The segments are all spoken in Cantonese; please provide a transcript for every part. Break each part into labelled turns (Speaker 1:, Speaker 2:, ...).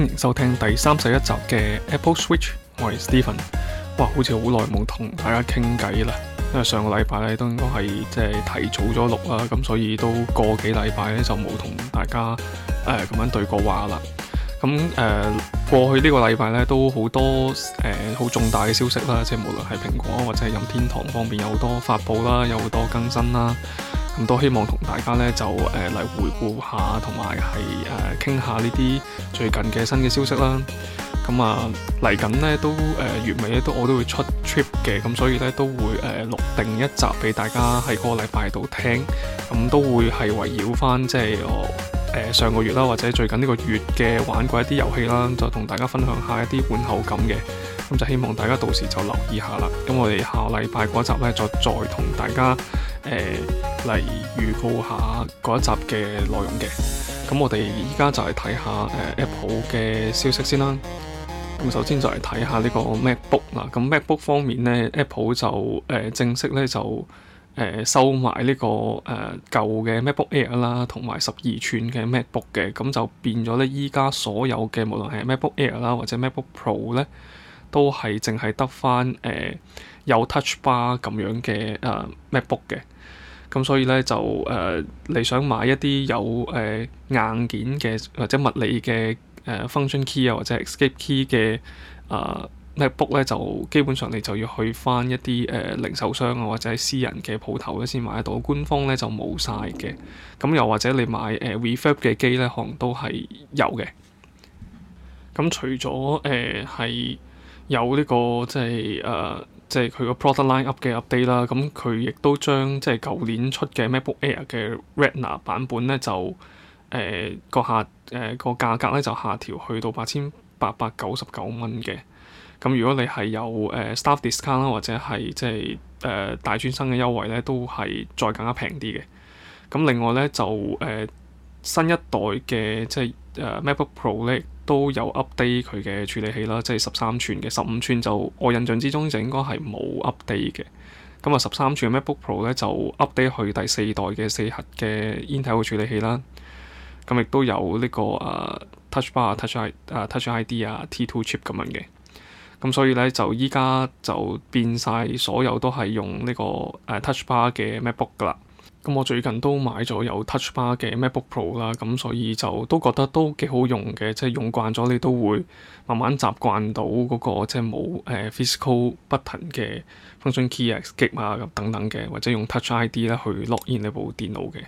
Speaker 1: 歡迎收聽第三十一集嘅 Apple Switch，我係 Stephen。哇，好似好耐冇同大家傾偈啦，因為上個禮拜咧都應該係即係提早咗錄啦，咁所以都過幾禮拜咧就冇同大家誒咁、呃、樣對過話啦。咁誒、呃、過去呢個禮拜咧都好多誒好、呃、重大嘅消息啦，即係無論係蘋果或者係任天堂方面有好多發布啦，有好多更新啦。咁、嗯、都希望同大家呢，就誒嚟、呃、回顧下，同埋係誒傾下呢啲最近嘅新嘅消息啦。咁、嗯、啊嚟緊呢都誒，月尾呢都我都會出 trip 嘅，咁、嗯、所以呢，都會誒、呃、錄定一集俾大家喺個禮拜度聽，咁、嗯、都會係圍繞翻即係我誒、呃、上個月啦，或者最近呢個月嘅玩過一啲遊戲啦，就同大家分享一下一啲玩後感嘅。咁、嗯、就希望大家到時就留意下啦。咁我哋下個禮拜嗰集呢，就再同大家。誒，嚟、呃、預告下嗰一集嘅內容嘅。咁我哋而家就嚟睇下，誒、呃、Apple 嘅消息先啦。咁首先就嚟睇下呢個 MacBook 啦，咁 MacBook 方面咧，Apple 就，誒、呃，正式咧就，誒、呃，收埋呢、這個，誒、呃，舊嘅 MacBook Air 啦，同埋十二寸嘅 MacBook 嘅，咁就變咗咧，依家所有嘅無論係 MacBook Air 啦，或者 MacBook Pro 咧，都係淨係得返，誒。呃有 touch bar 咁樣嘅誒 MacBook 嘅，咁所以咧就誒、呃、你想買一啲有誒、呃、硬件嘅或者物理嘅誒、呃、function key 啊或者 escape key 嘅誒、呃、MacBook 咧，就基本上你就要去翻一啲誒、呃、零售商啊或者係私人嘅鋪頭咧先買得到，官方咧就冇晒嘅。咁又或者你買誒、呃、refurb 嘅機咧，可能都係有嘅。咁除咗誒係有呢、這個即係誒。就是呃即係佢個 product line up 嘅 update 啦，咁佢亦都將即係舊年出嘅 MacBook Air 嘅 Retina 版本咧，就誒、呃、個下誒、呃、個價格咧就下調去到八千八百九十九蚊嘅。咁如果你係有誒、呃、staff discount 啦，或者係即係誒、呃、大專生嘅優惠咧，都係再更加平啲嘅。咁另外咧就誒、呃、新一代嘅即係誒、呃、MacBook Pro 咧，都有 update 佢嘅處理器啦，即係十三寸嘅十五寸就我印象之中就應該係冇 update 嘅。咁啊，十三寸 MacBook Pro 咧就 update 去第四代嘅四核嘅 Intel 嘅處理器啦。咁亦都有呢、這個啊、uh, Touch Bar 啊 Touch 啊、uh, Touch ID 啊、uh, T Two Chip 咁樣嘅。咁所以咧就依家就變晒所有都係用呢、這個誒、uh, Touch Bar 嘅 MacBook 噶啦。咁我最近都買咗有 Touch Bar 嘅 MacBook Pro 啦，咁所以就都覺得都幾好用嘅，即係用慣咗你都會慢慢習慣到嗰、那個即係冇誒 physical button 嘅 function key 啊 Escape 啊咁等等嘅，或者用 Touch ID 咧去 login 你部電腦嘅，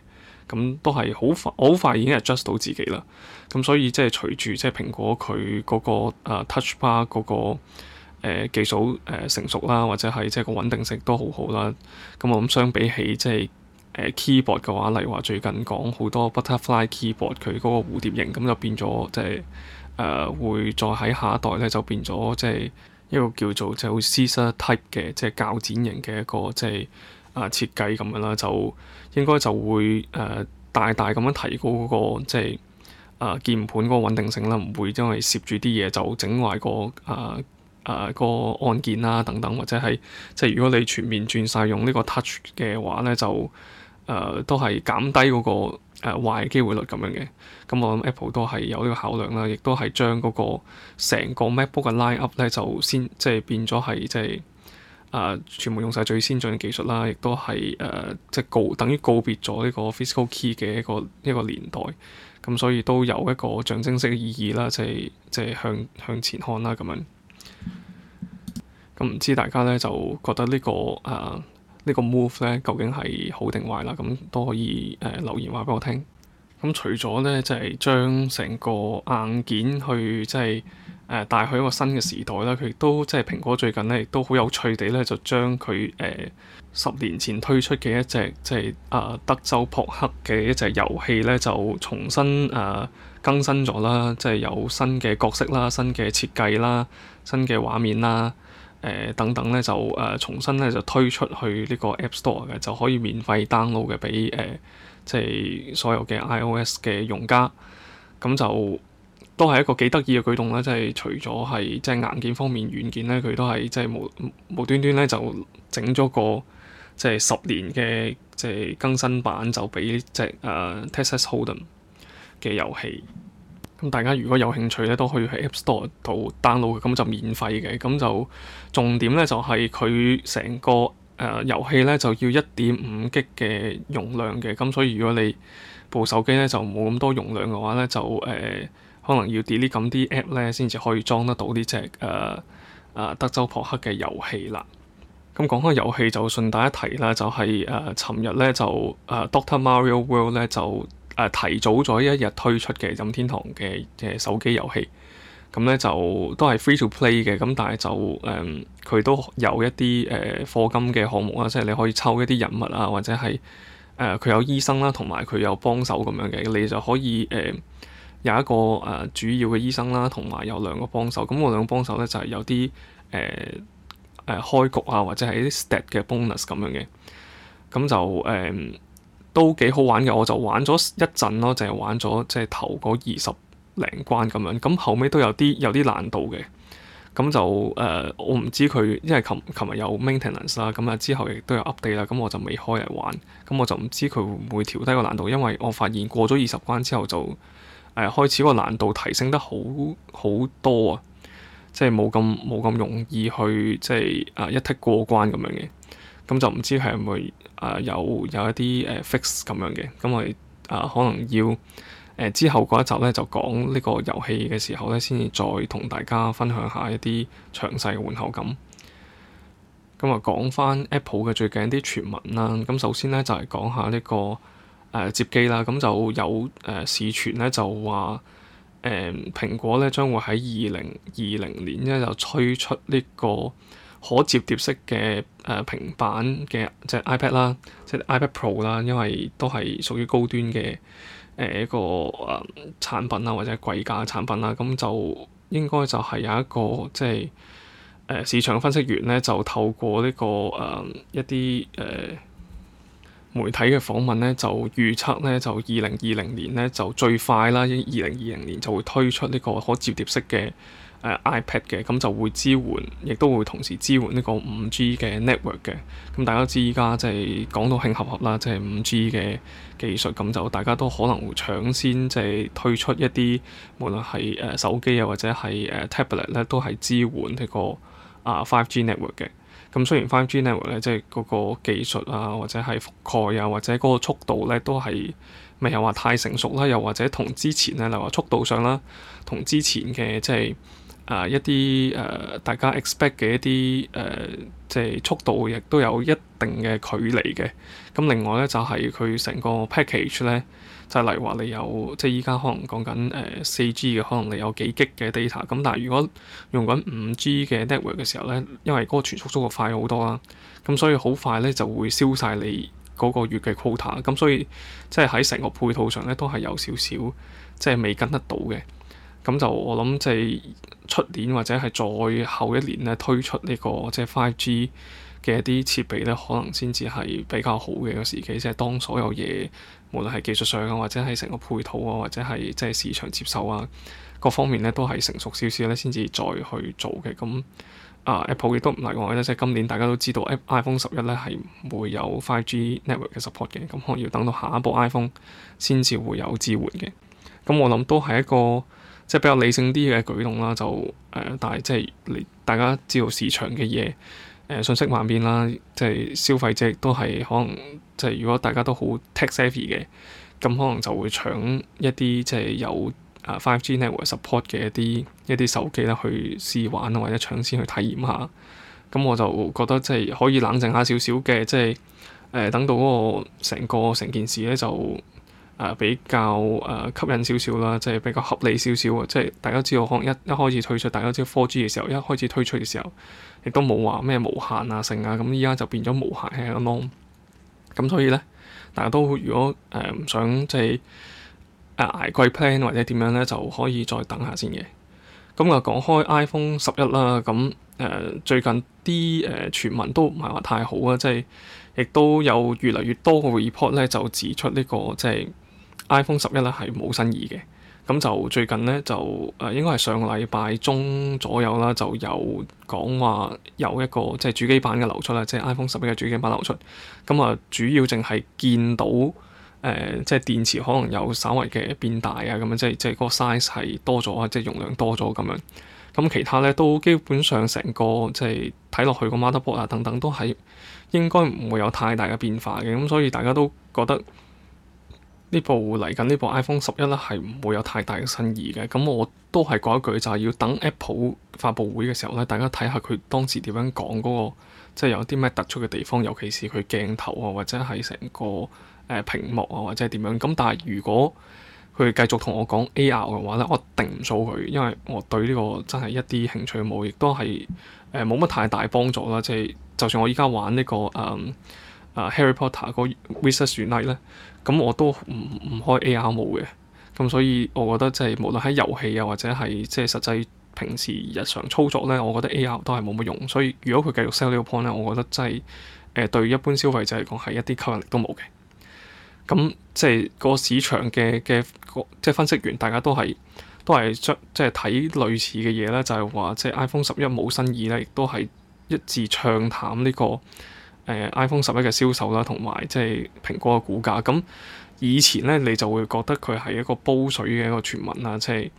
Speaker 1: 咁都係好快好快已經係 adjust 到自己啦。咁所以即係隨住即係蘋果佢嗰、那個、呃、Touch Bar 嗰、那個、呃、技術誒、呃、成熟啦，或者係即係個穩定性都好好啦。咁我諗相比起即係。Uh, keyboard 嘅話，例如話最近講好多 Butterfly Keyboard，佢嗰個蝴蝶形咁就變咗，即係誒會再喺下一代咧就變咗，即、就、係、是、一個叫做即係 scissor type 嘅即係較剪型嘅一個即係、就是、啊設計咁樣啦，就應該就會誒、呃、大大咁樣提高嗰、那個即係、就是、啊鍵盤嗰個穩定性啦，唔會因為攝住啲嘢就整壞個啊啊個按鍵啦等等，或者係即係如果你全面轉晒用個呢個 Touch 嘅話咧就。誒、呃、都係減低嗰、那個誒、呃、壞機會率咁樣嘅，咁我諗 Apple 都係有呢個考量啦，亦都係將嗰個成個 MacBook 嘅 line up 咧就先即係變咗係即係誒全部用晒最先進嘅技術啦，亦都係誒即係告等於告別咗呢個 physical key 嘅一個一個年代，咁所以都有一個象徵式嘅意義啦，即係即係向向前看啦咁樣。咁唔知大家咧就覺得呢、呢個誒、呃個呢個 move 咧，究竟係好定壞啦？咁都可以誒、呃、留言話俾我聽。咁除咗咧，就係、是、將成個硬件去即係誒、呃、帶去一個新嘅時代啦。佢亦都即係蘋果最近咧，亦都好有趣地咧，就將佢誒十年前推出嘅一隻即係啊、呃、德州撲克嘅一隻遊戲咧，就重新誒、呃、更新咗啦，即係有新嘅角色啦、新嘅設計啦、新嘅畫面啦。誒、呃、等等咧就誒、呃、重新咧就推出去呢個 App Store 嘅，就可以免費 download 嘅，俾、呃、誒即係所有嘅 iOS 嘅用家，咁就都係一個幾得意嘅舉動啦！即係除咗係即係硬件方面，軟件咧佢都係即係無無端端咧就整咗個即係十年嘅即係更新版就，就俾隻、呃、誒 Texas Hold'em 嘅遊戲。咁大家如果有興趣咧，都可以喺 App Store 度 download，咁就免費嘅。咁就重點咧，就係佢成個誒、呃、遊戲咧，就要一點五 G 嘅容量嘅。咁所以如果你部手機咧就冇咁多容量嘅話咧，就誒、呃、可能要 delete 咁啲 app 咧，先至可以裝得到呢隻誒誒德州撲克嘅遊戲啦。咁講開遊戲就順帶一提啦，就係誒尋日咧就誒、呃、Dr. Mario World 咧就。提早咗一日推出嘅任天堂嘅、呃、誒手機遊戲，咁咧就都係 free to play 嘅，咁但係就誒佢、呃、都有一啲誒、呃、課金嘅項目啦，即係你可以抽一啲人物啊，或者係誒佢有醫生啦，同埋佢有幫手咁樣嘅，你就可以誒、呃、有一個誒、呃、主要嘅醫生啦，同埋有兩個幫手，咁我兩個幫手咧就係、是、有啲誒誒開局啊，或者係啲 stat 嘅 bonus 咁樣嘅，咁就誒。呃都幾好玩嘅，我就玩咗一陣咯，淨係玩咗即係頭嗰二十零關咁樣，咁後尾都有啲有啲難度嘅，咁就誒、呃、我唔知佢，因為琴琴日有 maintenance 啦，咁啊之後亦都有 update 啦，咁我就未開嚟玩，咁我就唔知佢會唔會調低個難度，因為我發現過咗二十關之後就誒、呃、開始個難度提升得好好多啊，即係冇咁冇咁容易去即係啊一 tick 過關咁樣嘅。咁就唔知係咪係有有，有一啲誒 fix 咁樣嘅，咁我哋啊可能要誒、呃、之後嗰一集咧就講呢個遊戲嘅時候咧，先至再同大家分享一下一啲詳細嘅換後感。咁啊，講翻 Apple 嘅最近啲傳聞啦，咁首先咧就係，是，講下呢、這個誒、呃、接機啦，咁就有誒市傳咧就話誒、呃、蘋果咧將會喺二零二零年咧就推出呢、這個。可摺疊式嘅誒、呃、平板嘅即 iPad 啦，即 iPad Pro 啦，因為都係屬於高端嘅誒、呃、一個產品啊，或者貴價產品啦，咁就應該就係有一個即係誒、呃、市場分析員咧，就透過呢、這個誒、呃、一啲誒、呃、媒體嘅訪問咧，就預測咧就二零二零年咧就最快啦，二零二零年就會推出呢個可摺疊式嘅。誒 iPad 嘅咁就會支援，亦都會同時支援呢個 5G 嘅 network 嘅。咁大家都知依家即係講到興合合啦，即係 5G 嘅技術，咁就大家都可能會搶先即係推出一啲無論係誒手機啊或者係誒 tablet 咧，都係支援呢個啊 5G network 嘅。咁雖然 5G network 咧即係嗰個技術啊或者係覆蓋啊或者嗰個速度咧都係未有話太成熟啦，又或者同之前咧例如話速度上啦，同之前嘅即係。啊，一啲誒、呃、大家 expect 嘅一啲誒、呃，即係速度亦都有一定嘅距離嘅。咁另外咧就係佢成個 package 咧，就係、是就是、例如話你有即係依家可能講緊誒、呃、4G 嘅，可能你有幾 G 嘅 data。咁但係如果用緊 5G 嘅 network 嘅時候咧，因為嗰個傳輸速度快好多啦，咁所以好快咧就會消晒你嗰個月嘅 quota。咁所以即係喺成個配套上咧都係有少少即係未跟得到嘅。咁就我諗，即係出年或者係再後一年咧，推出呢個即係 Five G 嘅一啲設備咧，可能先至係比較好嘅個時機。即係當所有嘢無論係技術上啊，或者係成個配套啊，或者係即係市場接受啊各方面咧，都係成熟少少咧，先至再去做嘅。咁啊，Apple 亦都唔例外咧，即係今年大家都知道 iPhone 十一咧係唔會有 Five G Network 嘅 support 嘅，咁可能要等到下一部 iPhone 先至會有支援嘅。咁我諗都係一個。即係比較理性啲嘅舉動啦，就誒、呃，但係即係大家知道市場嘅嘢，誒、呃、信息萬變啦，即係消費者都係可能，即係如果大家都好 tech savvy 嘅，咁、嗯、可能就會搶一啲即係有啊 5G network support 嘅一啲一啲手機啦，去試玩或者搶先去體驗下。咁、嗯、我就覺得即係可以冷靜下少少嘅，即係誒、呃、等到嗰個成個成件事咧就。比較誒、呃、吸引少少啦，即係比較合理少少。即係大家知道，可能一一開始推出，大家知道 4G 嘅時候一開始推出嘅時候，亦都冇話咩無限啊、剩啊，咁依家就變咗無限嘅 norm。咁所以咧，大家都如果誒唔、呃、想即係誒、呃、捱貴 plan 或者點樣咧，就可以再等下先嘅。咁啊，講開 iPhone 十一啦，咁誒、呃、最近啲誒、呃、傳聞都唔係話太好啊，即係亦都有越嚟越多嘅 report 咧，就指出呢、呢個即係。iPhone 十一咧係冇新意嘅，咁就最近咧就誒應該係上個禮拜中左右啦，就有講話有一個即係、就是、主機版嘅流出啦，即、就、係、是、iPhone 十一嘅主機版流出。咁啊，主要淨係見到誒即係電池可能有稍微嘅變大啊，咁樣即係即係嗰個 size 係多咗啊，即、就、係、是、容量多咗咁樣。咁其他咧都基本上成個即係睇落去個 motherboard 啊等等都係應該唔會有太大嘅變化嘅，咁所以大家都覺得。部部呢部嚟緊呢部 iPhone 十一咧，係唔會有太大嘅新意嘅。咁我都係講一句，就係、是、要等 Apple 發布會嘅時候咧，大家睇下佢當時點樣講嗰、那個，即係有啲咩突出嘅地方，尤其是佢鏡頭啊，或者係成個誒屏幕啊，或者係點樣。咁但係如果佢繼續同我講 AR 嘅話咧，我定唔數佢，因為我對呢個真係一啲興趣冇，亦都係誒冇乜太大幫助啦。即係就算我依家玩呢、這個誒、嗯啊、Harry Potter 嗰 Wizards Unite 咧。咁我都唔唔開 AR 冇嘅，咁所以我覺得即係無論喺遊戲又、啊、或者係即係實際平時日常操作呢，我覺得 AR 都係冇乜用。所以如果佢繼續 sell 呢個 point 呢，我覺得真係誒對一般消費者嚟講係一啲吸引力都冇嘅。咁即係個市場嘅嘅即係分析員大家都係都係即係睇類似嘅嘢呢，就係話即係 iPhone 十一冇新意呢，亦都係一致唱淡呢個。誒、uh, iPhone 十一嘅銷售啦、啊，同埋即係蘋果嘅股價咁，以前咧你就會覺得佢係一個煲水嘅一個傳聞啦、啊，即、就、係、是、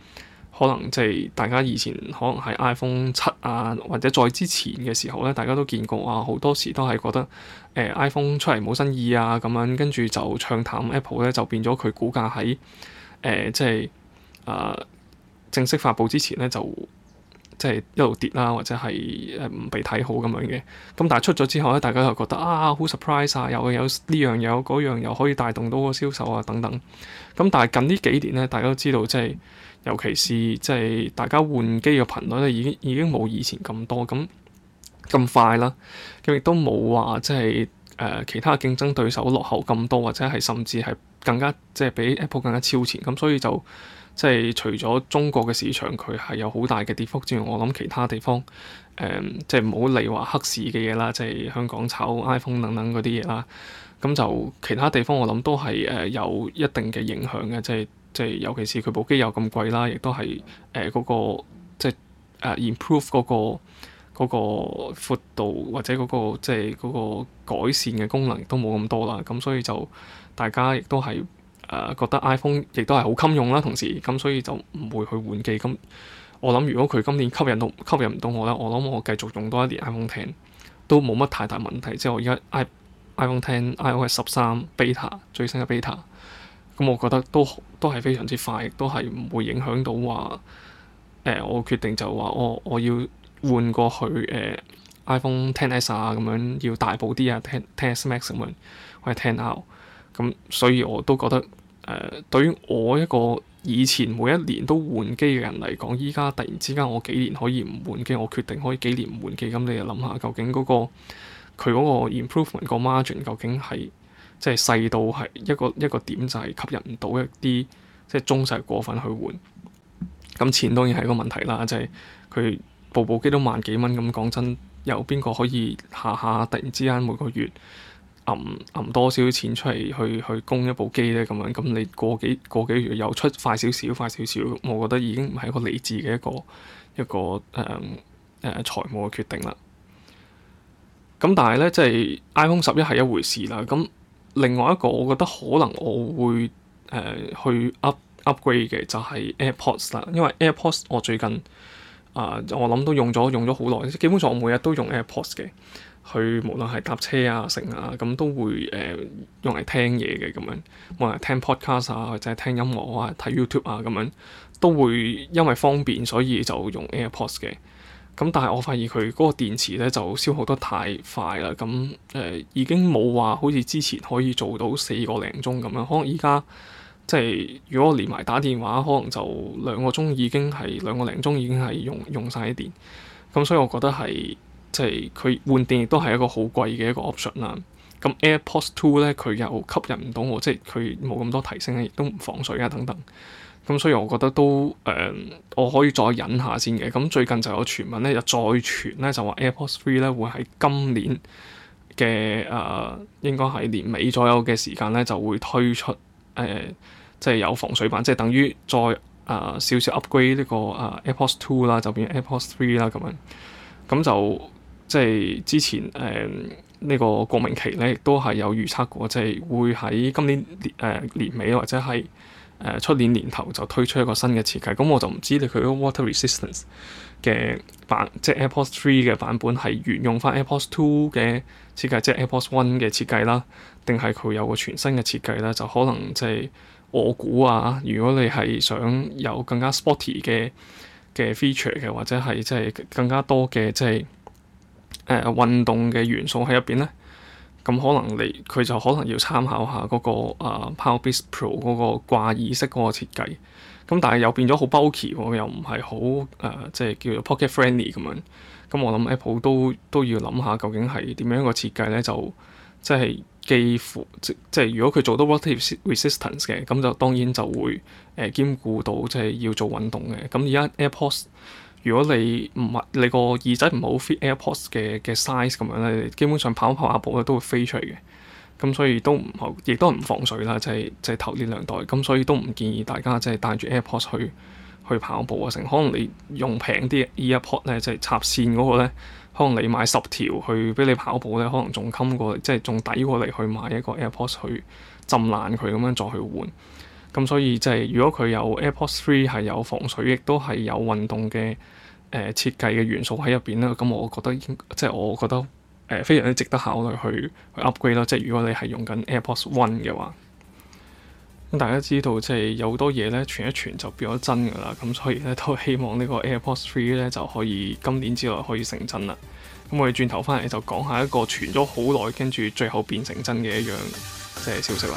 Speaker 1: 可能即係大家以前可能喺 iPhone 七啊或者再之前嘅時候咧，大家都見過啊，好多時都係覺得誒、呃、iPhone 出嚟冇新意啊咁樣，跟住就唱淡 Apple 咧就變咗佢股價喺誒即係啊正式發佈之前咧就。即係一路跌啦，或者係誒唔被睇好咁樣嘅。咁但係出咗之後咧，大家又覺得啊，好 surprise 啊！又有呢樣有嗰樣又可以帶動到個銷售啊等等。咁但係近呢幾年咧，大家都知道即係，尤其是即係大家換機嘅頻率咧，已經已經冇以前咁多咁咁快啦。咁亦都冇話即係誒、呃、其他競爭對手落後咁多，或者係甚至係更加即係比 Apple 更加超前。咁所以就即係除咗中國嘅市場，佢係有好大嘅跌幅之外，我諗，其他地方誒、嗯，即係唔好理話黑市嘅嘢啦，即係香港炒 iPhone 等等嗰啲嘢啦。咁就其他地方我諗都係誒有一定嘅影響嘅，即係即係尤其是佢部機有咁貴啦，亦都係誒嗰個即係誒、uh, improve 嗰、嗰個嗰、嗰個闊度或者嗰、嗰個即係嗰個改善嘅功能都冇咁多啦。咁所以就大家亦都係。誒覺得 iPhone 亦都係好襟用啦，同時咁所以就唔會去換機。咁我諗如果佢今年吸引到吸引唔到我咧，我諗我繼續用多一年 iPhone Ten 都冇乜太大問題。即係我而家 iPhone Ten iOS 十三 beta 最新嘅 beta，咁我覺得都都係非常之快，亦都係唔會影響到話誒、呃、我決定就話我我要換過去誒、呃、iPhone Ten S 啊，咁樣要大部啲啊，Ten S Max 咁樣或者 Ten out，咁，所以我都覺得。誒、呃、對於我一個以前每一年都換機嘅人嚟講，依家突然之間我幾年可以唔換機，我決定可以幾年唔換機，咁你又諗下究竟嗰、那個佢嗰個 improvement 個 margin 究竟係即係細到係一個一個點，就係吸引唔到一啲即係忠實過分去換，咁錢當然係一個問題啦，即係佢部部機都萬幾蚊，咁講真有邊個可以下下突然之間每個月？揜多少少錢出嚟去去，去供一部機咧咁樣，咁你過幾過幾月又出快少少快少少，我覺得已經唔係一個理智嘅一個一個誒誒、嗯嗯嗯、財務嘅決定啦。咁但係咧，即係 iPhone 十一係一回事啦。咁另外一個，我覺得可能我會誒、呃、去 up upgrade 嘅就係 AirPods 啦，因為 AirPods 我最近啊、呃、我諗都用咗用咗好耐，基本上我每日都用 AirPods 嘅。佢無論係搭車啊、剩啊，咁都會誒、呃、用嚟聽嘢嘅咁樣，無論係聽 Podcast 啊，或者係聽音樂啊、睇 YouTube 啊咁樣，都會因為方便，所以就用 AirPods 嘅。咁但係我發現佢嗰個電池咧就消耗得太快啦。咁誒、呃、已經冇話好似之前可以做到四個零鐘咁樣，可能依家即係如果連埋打電話，可能就兩個鐘已經係兩個零鐘已經係用用晒啲電。咁所以我覺得係。即係佢換電亦都係一個好貴嘅一個 option 啦。咁 AirPods Two 咧，佢又吸引唔到我，即係佢冇咁多提升咧，亦都唔防水啊等等。咁所以我覺得都誒、呃，我可以再忍下先嘅。咁最近就有傳聞咧，又再傳咧，就話 AirPods Three 咧會喺今年嘅誒、呃，應該係年尾左右嘅時間咧就會推出誒，即、呃、係、就係、有防水版，即係等於再誒、呃、少少 upgrade 呢、呢個誒、啊、AirPods Two 啦，就變 AirPods Three 啦咁樣。咁就即係之前誒呢、嗯這個郭明錤咧，亦都係有預測過，即係會喺今年誒年、呃、年尾或者係誒出年年頭就推出一個新嘅設計。咁、嗯、我就唔知你佢個 water resistance 嘅版，即係 AirPods Three 嘅版本係沿用翻 AirPods Two 嘅設計，即係 AirPods One 嘅設計啦，定係佢有個全新嘅設計啦？就可能即係我估啊，如果你係想有更加 sporty 嘅嘅 feature 嘅，或者係即係更加多嘅即係。即係誒、呃、運動嘅元素喺入邊咧，咁可能你佢就可能要參考下嗰、那個、呃、PowerBeats Pro 嗰個掛耳式嗰個設計，咁但係又變咗好 bulky 又唔係好誒即係叫做 pocket friendly 咁樣。咁我諗 Apple 都都要諗下究竟係點樣一個設計咧，就即係幾乎即係如果佢做到 water resistance 嘅，咁就當然就會誒、呃、兼顧到即係要做運動嘅。咁而家 AirPods。如果你唔係你個耳仔唔好 fit AirPods 嘅嘅 size 咁樣咧，你基本上跑跑下步咧都會飛出嚟嘅。咁所以都唔好，亦都唔防水啦。就係就係頭呢兩代咁，所以都唔建議大家即係戴住 AirPods 去去跑步啊。成可能你用平啲 EarPod 咧，即係插線嗰個咧，可能你買十條去俾你跑步咧，可能仲襟過即係仲抵過你去買一個 AirPods 去浸爛佢咁樣再去換。咁所以即係如果佢有 AirPods Three 係有防水，亦都係有運動嘅。誒、呃、設計嘅元素喺入邊啦，咁、嗯、我覺得應即係我覺得誒、呃、非常之值得考慮去去 upgrade 咯。即係如果你係用緊 AirPods One 嘅話，咁大家知道即係、就是、有好多嘢咧傳一傳就變咗真噶啦。咁所以咧都希望個3呢個 AirPods Three 咧就可以今年之內可以成真啦。咁我哋轉頭翻嚟就講下一個傳咗好耐，跟住最後變成真嘅一樣即係、呃、消息啦。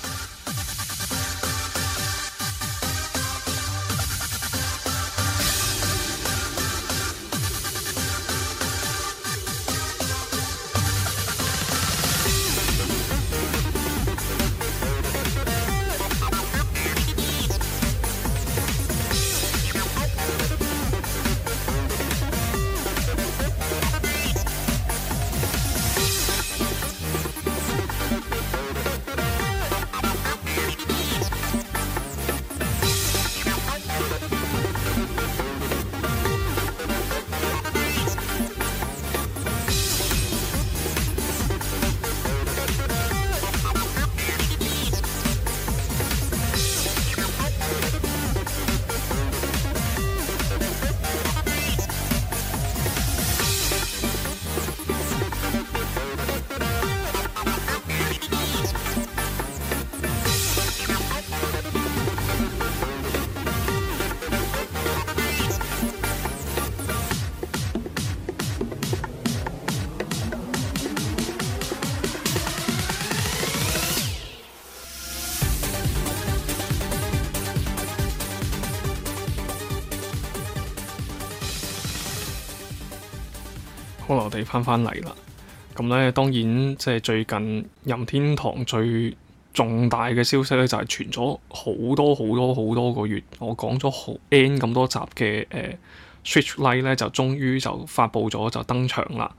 Speaker 1: 翻翻嚟啦，咁咧當然即係最近任天堂最重大嘅消息咧，就係傳咗好多好多好多個月，我講咗好 n 咁多集嘅誒、呃、Switch Lite 咧，就終於就發佈咗就登場啦。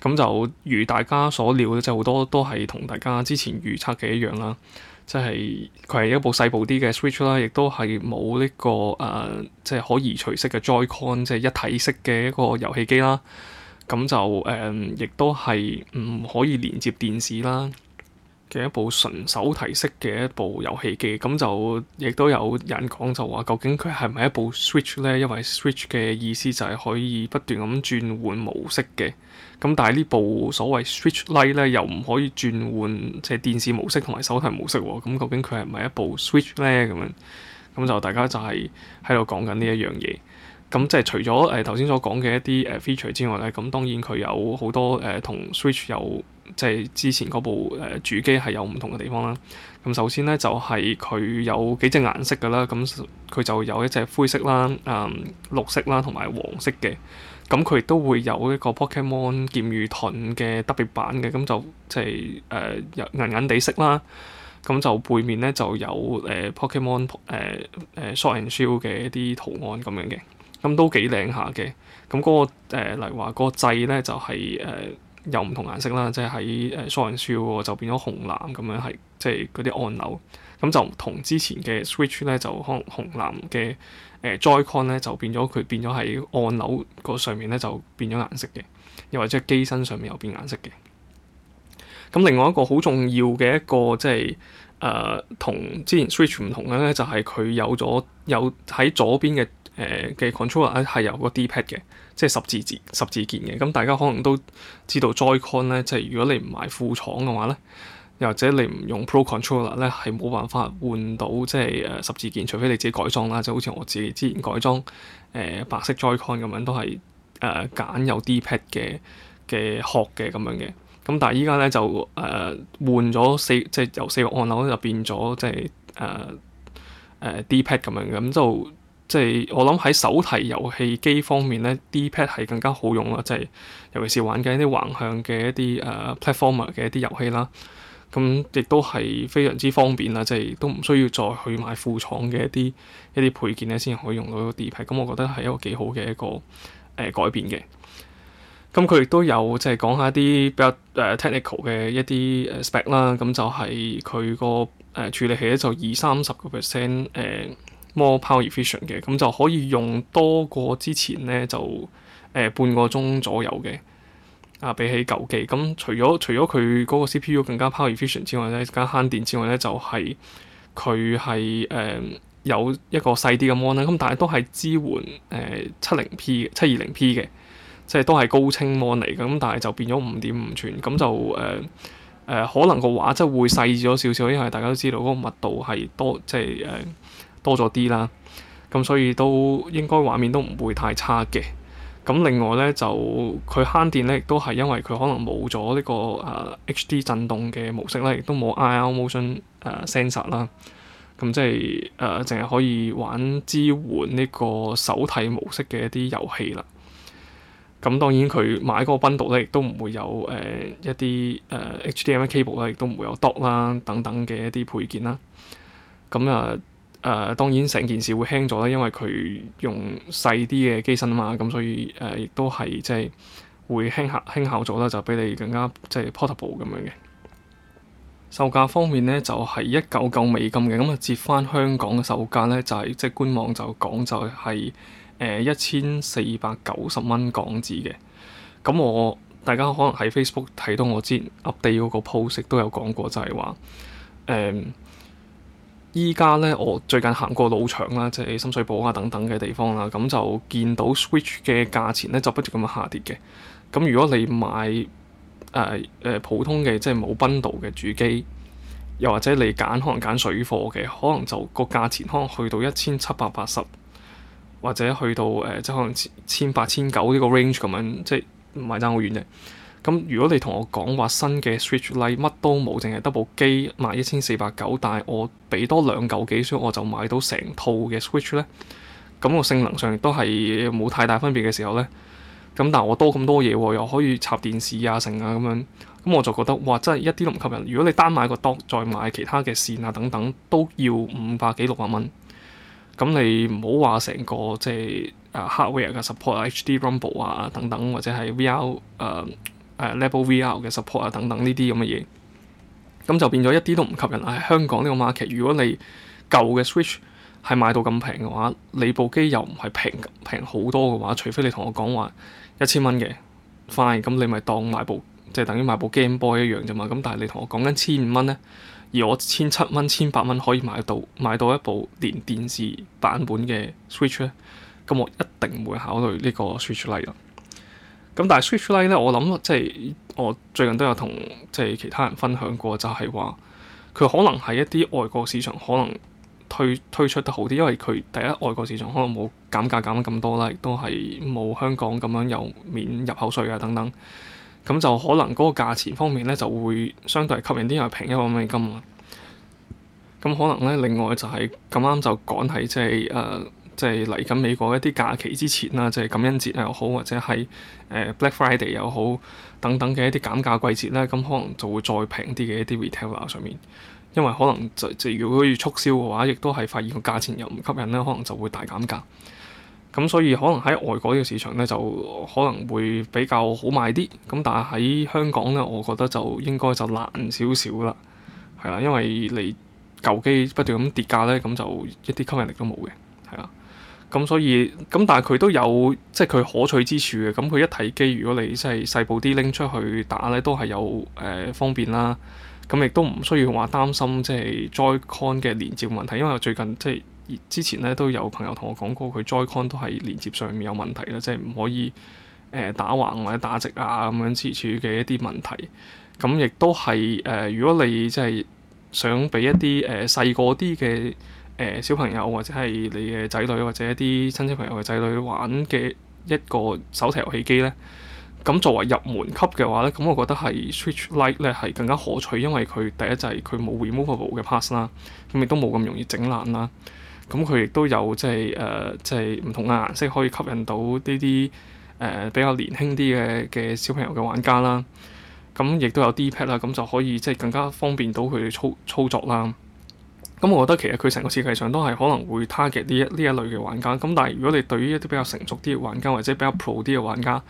Speaker 1: 咁就如大家所料，即係好多都係同大家之前預測嘅一樣啦。即係佢係一部細部啲嘅 Switch 啦，亦都係冇呢個誒即係可移除式嘅 Joy-Con，即係一體式嘅一個遊戲機啦。咁就誒，亦、嗯、都係唔可以連接電視啦嘅一部純手提式嘅一部遊戲機。咁就亦都有人講就話，究竟佢係唔係一部 Switch 咧？因為 Switch 嘅意思就係可以不斷咁轉換模式嘅。咁但係呢部所謂 Switch Lite 咧，又唔可以轉換即係電視模式同埋手提模式喎。咁究竟佢係唔係一部 Switch 咧？咁樣咁就大家就係喺度講緊呢一樣嘢。咁即係除咗誒頭先所講嘅一啲誒、呃、feature 之外咧，咁當然佢有好多誒同、呃、Switch 有即係之前嗰部誒、呃、主機係有唔同嘅地方啦。咁首先咧就係、是、佢有幾隻顏色噶啦，咁佢就有一隻灰色啦，嗯、呃、綠色啦，同埋黃色嘅。咁佢亦都會有一個 Pokemon 劍與盾嘅特別版嘅，咁就即係誒銀銀地色啦。咁就背面咧就有誒、呃、Pokemon 誒誒 Sword and Shield 嘅一啲圖案咁樣嘅。咁都幾靚下嘅，咁嗰、那個誒、呃，例如話嗰、那個掣咧就係誒有唔同顏色啦，即係喺誒 Sword and Shield 就變咗紅藍咁樣，係即係嗰啲按鈕，咁就唔同之前嘅 Switch 咧就可能紅藍嘅誒、呃、Joy-Con 咧就變咗佢變咗喺按鈕個上面咧就變咗顏色嘅，又或者機身上面有變顏色嘅。咁另外一個好重要嘅一個即係誒同之前 Switch 唔同嘅咧，就係、是、佢有咗有喺左邊嘅。誒嘅 controller 咧係有個 D-pad 嘅，即係十字字十字鍵嘅。咁、嗯、大家可能都知道 Joy-Con 咧，即係如果你唔買副廠嘅話咧，又或者你唔用 Pro controller 咧，係冇辦法換到即係誒、呃、十字鍵，除非你自己改裝啦，就好似我自己之前改裝誒、呃、白色 Joy-Con 咁樣，都係誒揀有 D-pad 嘅嘅殼嘅咁樣嘅。咁但係依家咧就誒、呃、換咗四，即係由四個按鈕就變咗即係誒誒、呃呃、D-pad 咁樣，咁就。即係、就是、我諗喺手提遊戲機方面呢 D-pad 係更加好用咯。即、就、係、是、尤其是玩緊一啲橫向嘅一啲誒、uh, platformer 嘅一啲遊戲啦，咁亦都係非常之方便啦。即、就、係、是、都唔需要再去買副廠嘅一啲一啲配件呢，先可以用到個 D-pad。咁我覺得係一個幾好嘅一個誒、呃、改變嘅。咁佢亦都有即係講下啲比較、uh, technical 嘅一啲 spec 啦。咁就係佢個誒處理器咧就二三十個 percent 誒。More Power Efficient 嘅，咁就可以用多過之前咧，就誒、呃、半個鐘左右嘅啊，比起舊機。咁除咗除咗佢嗰個 CPU 更加 Power Efficient 之外咧，更加慳電之外咧，就係佢係誒有一個細啲嘅 mon 咧。咁但係都係支援誒七零 P 嘅七二零 P 嘅、就是呃呃，即係都係高清 mon 嚟嘅。咁但係就變咗五點五寸，咁就誒誒可能個畫質會細咗少少，因為大家都知道嗰個密度係多即係誒。就是呃多咗啲啦，咁所以都應該畫面都唔會太差嘅。咁另外呢，就佢慳電呢，亦都係因為佢可能冇咗呢個、呃、HD 震動嘅模式啦，亦都冇 IR motion 誒、呃、sensor 啦。咁即係誒，淨、呃、係可以玩支援呢個手提模式嘅一啲遊戲啦。咁當然佢買嗰個 bundle 咧，亦都唔會有誒、呃、一啲誒、呃、HDMI cable 啦，亦都唔會有 Dock 啦等等嘅一啲配件啦。咁啊～、呃誒、呃、當然成件事會輕咗啦，因為佢用細啲嘅機身啊嘛，咁所以誒亦、呃、都係即係會輕巧輕巧咗啦，就俾你更加即係 portable 咁樣嘅。售價方面呢，就係、是、一九九美金嘅，咁啊折翻香港嘅售價呢，就係、是、即係官網就講就係誒一千四百九十蚊港紙嘅。咁我大家可能喺 Facebook 睇到我之前 update 嗰個 post 都有講過就，就係話誒。依家咧，我最近行過老場啦，即係深水埗啊等等嘅地方啦，咁就見到 Switch 嘅價錢咧就不斷咁樣下跌嘅。咁如果你買誒誒、呃呃、普通嘅，即係冇 bundle 嘅主機，又或者你揀可能揀水貨嘅，可能就個價錢可能去到一千七百八十，或者去到誒、呃、即係可能千八千九呢個 range 咁樣，即係唔係爭好遠嘅。咁如果你同我講話新嘅 Switch Lite 乜都冇，淨係得部機賣一千四百九十九，但係我俾多兩嚿幾，所以我就買到成套嘅 Switch 咧。咁我性能上亦都係冇太大分別嘅時候咧。咁但係我多咁多嘢，又可以插電視啊、成啊咁樣。咁我就覺得哇，真係一啲都唔吸引。如果你單買個 Dock 再買其他嘅線啊等等，都要五百幾六百蚊。咁你唔好話成個即係啊 hardware 嘅 support HD Rumble 啊等等，或者係 VR 誒、啊。誒、uh, level VR 嘅 support 啊，等等呢啲咁嘅嘢，咁就變咗一啲都唔吸引啦。香港呢個 market，如果你舊嘅 Switch 係買到咁平嘅話，你部機又唔係平平好多嘅話，除非你同我講話一千蚊嘅 fine，咁你咪當買部即係、就是、等於買部 Game Boy 一樣啫嘛。咁但係你同我講緊千五蚊咧，而我千七蚊、千八蚊可以買到買到一部連電視版本嘅 Switch 咧，咁我一定唔會考慮呢個 Switch Lite 啦。咁但係 Switch Lite 咧，我諗即係我最近都有同即係其他人分享過，就係話佢可能喺一啲外國市場可能推推出得好啲，因為佢第一外國市場可能冇減價減得咁多啦，亦都係冇香港咁樣有免入口稅啊等等，咁就可能嗰個價錢方面咧就會相對係吸引啲人平一蚊美金啊，咁可能咧另外就係咁啱就講起即係誒。Uh, 即係嚟緊美國一啲假期之前啦，即係感恩節又好，或者係誒、呃、Black Friday 又好等等嘅一啲減價季節咧，咁、嗯、可能就會再平啲嘅一啲 retailer 上面，因為可能就就、就如果要促銷嘅話，亦都係發現個價錢又唔吸引咧，可能就會大減價。咁、嗯、所以可能喺外國呢個市場咧，就可能會比較好賣啲。咁但係喺香港咧，我覺得就應該就難少少啦，係啦，因為嚟舊機不斷咁跌價咧，咁就一啲吸引力都冇嘅。咁所以，咁但係佢都有即係佢可取之處嘅。咁佢一體機，如果你即係細部啲拎出去打咧，都係有誒、呃、方便啦。咁亦都唔需要話擔心即係 Joy-Con 嘅連接問題，因為最近即係之前咧都有朋友同我講過，佢 Joy-Con 都係連接上面有問題啦，即係唔可以誒、呃、打橫或者打直啊咁樣之處嘅一啲問題。咁亦都係誒、呃，如果你即係想俾一啲誒、呃、細個啲嘅。誒、呃、小朋友或者係你嘅仔女或者一啲親戚朋友嘅仔女玩嘅一個手提遊戲機呢。咁作為入門級嘅話呢，咁我覺得係 Switch Lite 咧係更加可取，因為佢第一就係、是、佢冇 removable 嘅 parts、啊、啦，咁亦都冇咁容易整爛啦。咁佢亦都有即係誒即係唔同嘅顏色可以吸引到呢啲誒比較年輕啲嘅嘅小朋友嘅玩家啦。咁、啊、亦都有 D-pad 啦，咁、啊、就可以即係、就是、更加方便到佢操操作啦。咁我覺得其實佢成個設計上都係可能會 target 呢一呢一類嘅玩家。咁但係如果你對於一啲比較成熟啲嘅玩家或者比較 pro 啲嘅玩家，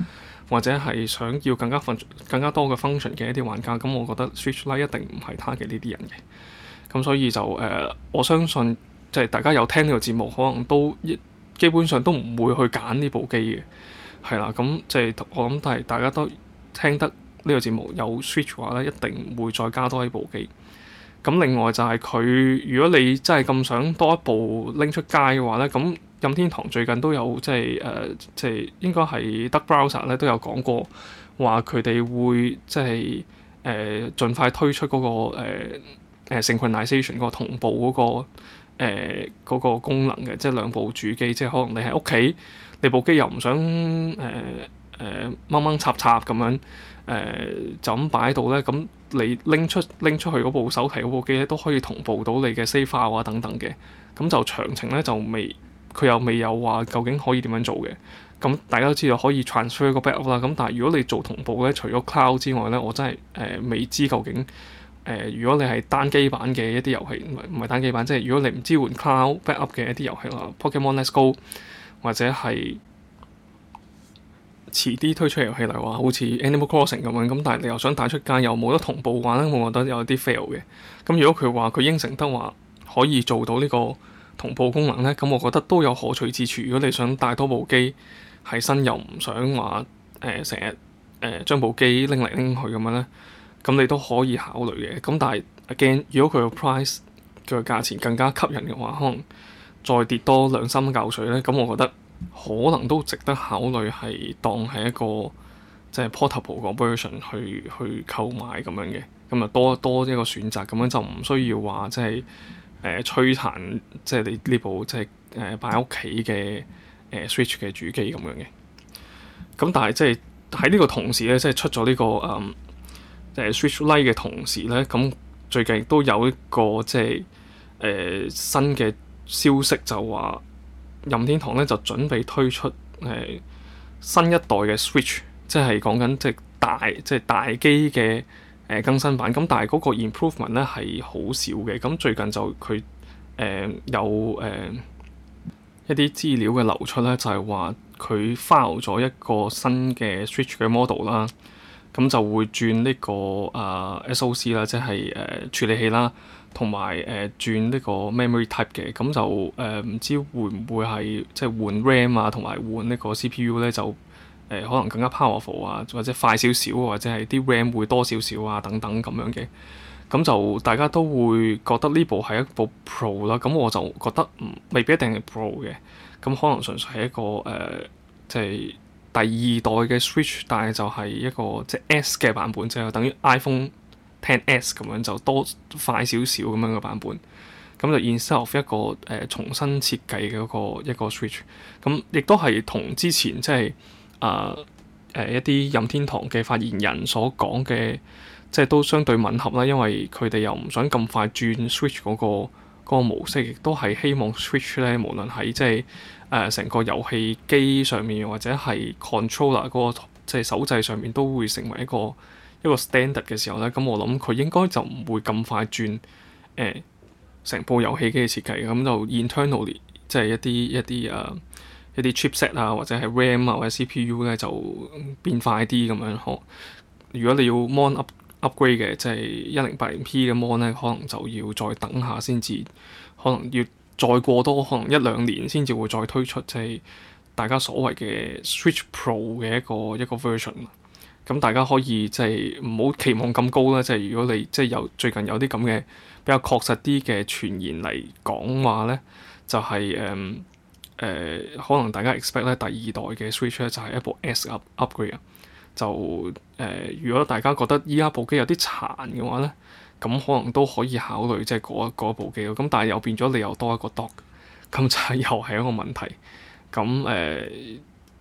Speaker 1: 或者係想要更加更加多嘅 function 嘅一啲玩家，咁我覺得 Switch Lite 一定唔係 target 呢啲人嘅。咁所以就誒、呃，我相信即係大家有聽呢個節目，可能都基本上都唔會去揀呢部機嘅，係啦。咁即係我諗，但係大家都聽得呢個節目有 Switch 嘅話咧，一定會再加多呢部機。咁另外就係佢，如果你真係咁想多一部拎出街嘅話咧，咁任天堂最近都有即係誒，即係、呃、應該係得 Browser 咧都有講過，話佢哋會即係誒、呃、盡快推出嗰、那個誒誒、呃啊、synchronization 個同步嗰、那個誒嗰、呃那個功能嘅，即係兩部主機，即係可能你喺屋企，你部機又唔想誒誒掹掹插插咁、呃、樣誒就咁擺喺度咧，咁。你拎出拎出去嗰部手提嗰部機咧，都可以同步到你嘅 Save File 啊等等嘅。咁就詳情咧就未，佢又未有話究竟可以點樣做嘅。咁大家都知道可以 Transfer 個 Back Up 啦。咁但係如果你做同步咧，除咗 Cloud 之外咧，我真係誒、呃、未知究竟誒、呃。如果你係單機版嘅一啲遊戲，唔係唔係單機版，即係如果你唔支援 Cloud Back Up 嘅一啲遊戲啦，Pokemon Let's Go 或者係。遲啲推出遊戲嚟話好似 Animal Crossing 咁樣，咁但係你又想帶出街又冇得同步玩呢，我覺得有啲 fail 嘅。咁如果佢話佢應承得話，可以做到呢個同步功能咧，咁我覺得都有可取之處。如果你想帶多部機喺身又，又唔想話誒成日誒、呃、將部機拎嚟拎去咁樣咧，咁你都可以考慮嘅。咁但係驚，again, 如果佢個 price 佢個價錢更加吸引嘅話，可能再跌多兩三嚿水咧，咁我覺得。可能都值得考慮，係當係一個即係 portable 嘅 version 去去購買咁樣嘅，咁啊多多一個選擇，咁樣就唔需要話即係誒、呃、摧殘，即係你呢部即係誒擺喺屋企嘅誒 Switch 嘅主機咁樣嘅。咁但係即係喺呢個同時咧，即係出咗呢、呢個誒、呃、Switch Lite 嘅同時咧，咁最近亦都有一個即係誒、呃、新嘅消息就話。任天堂咧就準備推出誒、呃、新一代嘅 Switch，即係講緊即係大即係、就是、大機嘅誒更新版。咁但係嗰個 improvement 咧係好少嘅。咁最近就佢誒、呃、有誒、呃、一啲資料嘅流出咧，就係、是、話佢 file 咗一個新嘅 Switch 嘅 model 啦。咁就會轉呢、這個啊、呃、SOC 啦，即係誒、呃、處理器啦。同埋誒轉呢個 memory type 嘅，咁就誒唔、呃、知會唔會係即係換 RAM 啊，同埋換個呢個 CPU 咧就誒、呃、可能更加 powerful 啊，或者快少少，或者係啲 RAM 會多少少啊等等咁樣嘅。咁就大家都會覺得呢部係一部 Pro 啦，咁我就覺得未必一定係 Pro 嘅，咁可能純粹係一個誒即係第二代嘅 Switch，但係就係一個即係 S 嘅版本，即、就、係、是、等於 iPhone Ten S 咁樣就多快少少咁樣嘅版本，咁就 instead of 一個誒、呃、重新設計嘅嗰一個，個 Switch，咁亦都係同之前即係啊誒一啲任天堂嘅發言人所講嘅即係都相對吻合啦，因為佢哋又唔想咁快轉 Switch 嗰、那個那個那個模式，亦都係希望 Switch 咧，無論喺即係誒成個遊戲機上面，或者係 controller 嗰、那個即係手掣上面，都會成為一個。一個 standard 嘅時候咧，咁我諗佢應該就唔會咁快轉誒成、欸、部遊戲機嘅設計，咁就 internally 即係一啲一啲啊一啲 chipset 啊或者係 RAM 啊或者 CPU 咧就變快啲咁樣。可如果你要 mon up upgrade 嘅即係一零八零 P 嘅 mon 咧，可能就要再等下先至，可能要再過多可能一兩年先至會再推出即係、就是、大家所謂嘅 Switch Pro 嘅一個一個 version。咁大家可以即係唔好期望咁高啦，即係如果你即係有最近有啲咁嘅比較確實啲嘅傳言嚟講話咧，就係誒誒可能大家 expect 咧第二代嘅 Switch 咧就係 Apple S upgrade 就。就、呃、誒，如果大家覺得依家部機有啲殘嘅話咧，咁可能都可以考慮即係嗰、嗰個、部機咯。咁但係又變咗你又多一個 Dock，咁就係又係一個問題。咁誒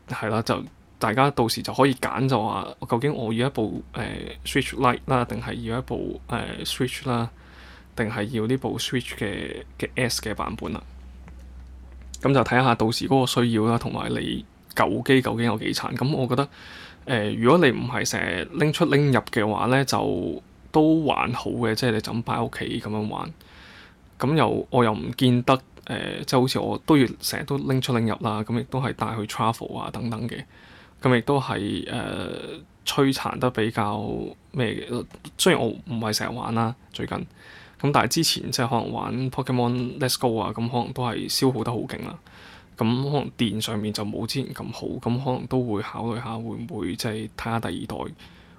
Speaker 1: 係啦，就。大家到時就可以揀，就話究竟我要一部誒、呃、Switch Lite 啦，定係要一部誒、呃、Switch 啦，定係要呢部 Switch 嘅嘅 S 嘅版本啦。咁就睇下到時嗰個需要啦，同埋你舊機究竟有幾殘。咁我覺得誒、呃，如果你唔係成日拎出拎入嘅話咧，就都還好嘅。即係你就咁擺喺屋企咁樣玩。咁又我又唔見得誒、呃，即係好似我都要成日都拎出拎入啦。咁亦都係帶去 travel 啊等等嘅。咁亦都係誒摧殘得比較咩嘅？雖然我唔係成日玩啦，最近。咁但係之前即係可能玩 Pokemon Let's Go 啊，咁可能都係消耗得好勁啦。咁可能電上面就冇之前咁好，咁可能都會考慮下會唔會即係睇下第二代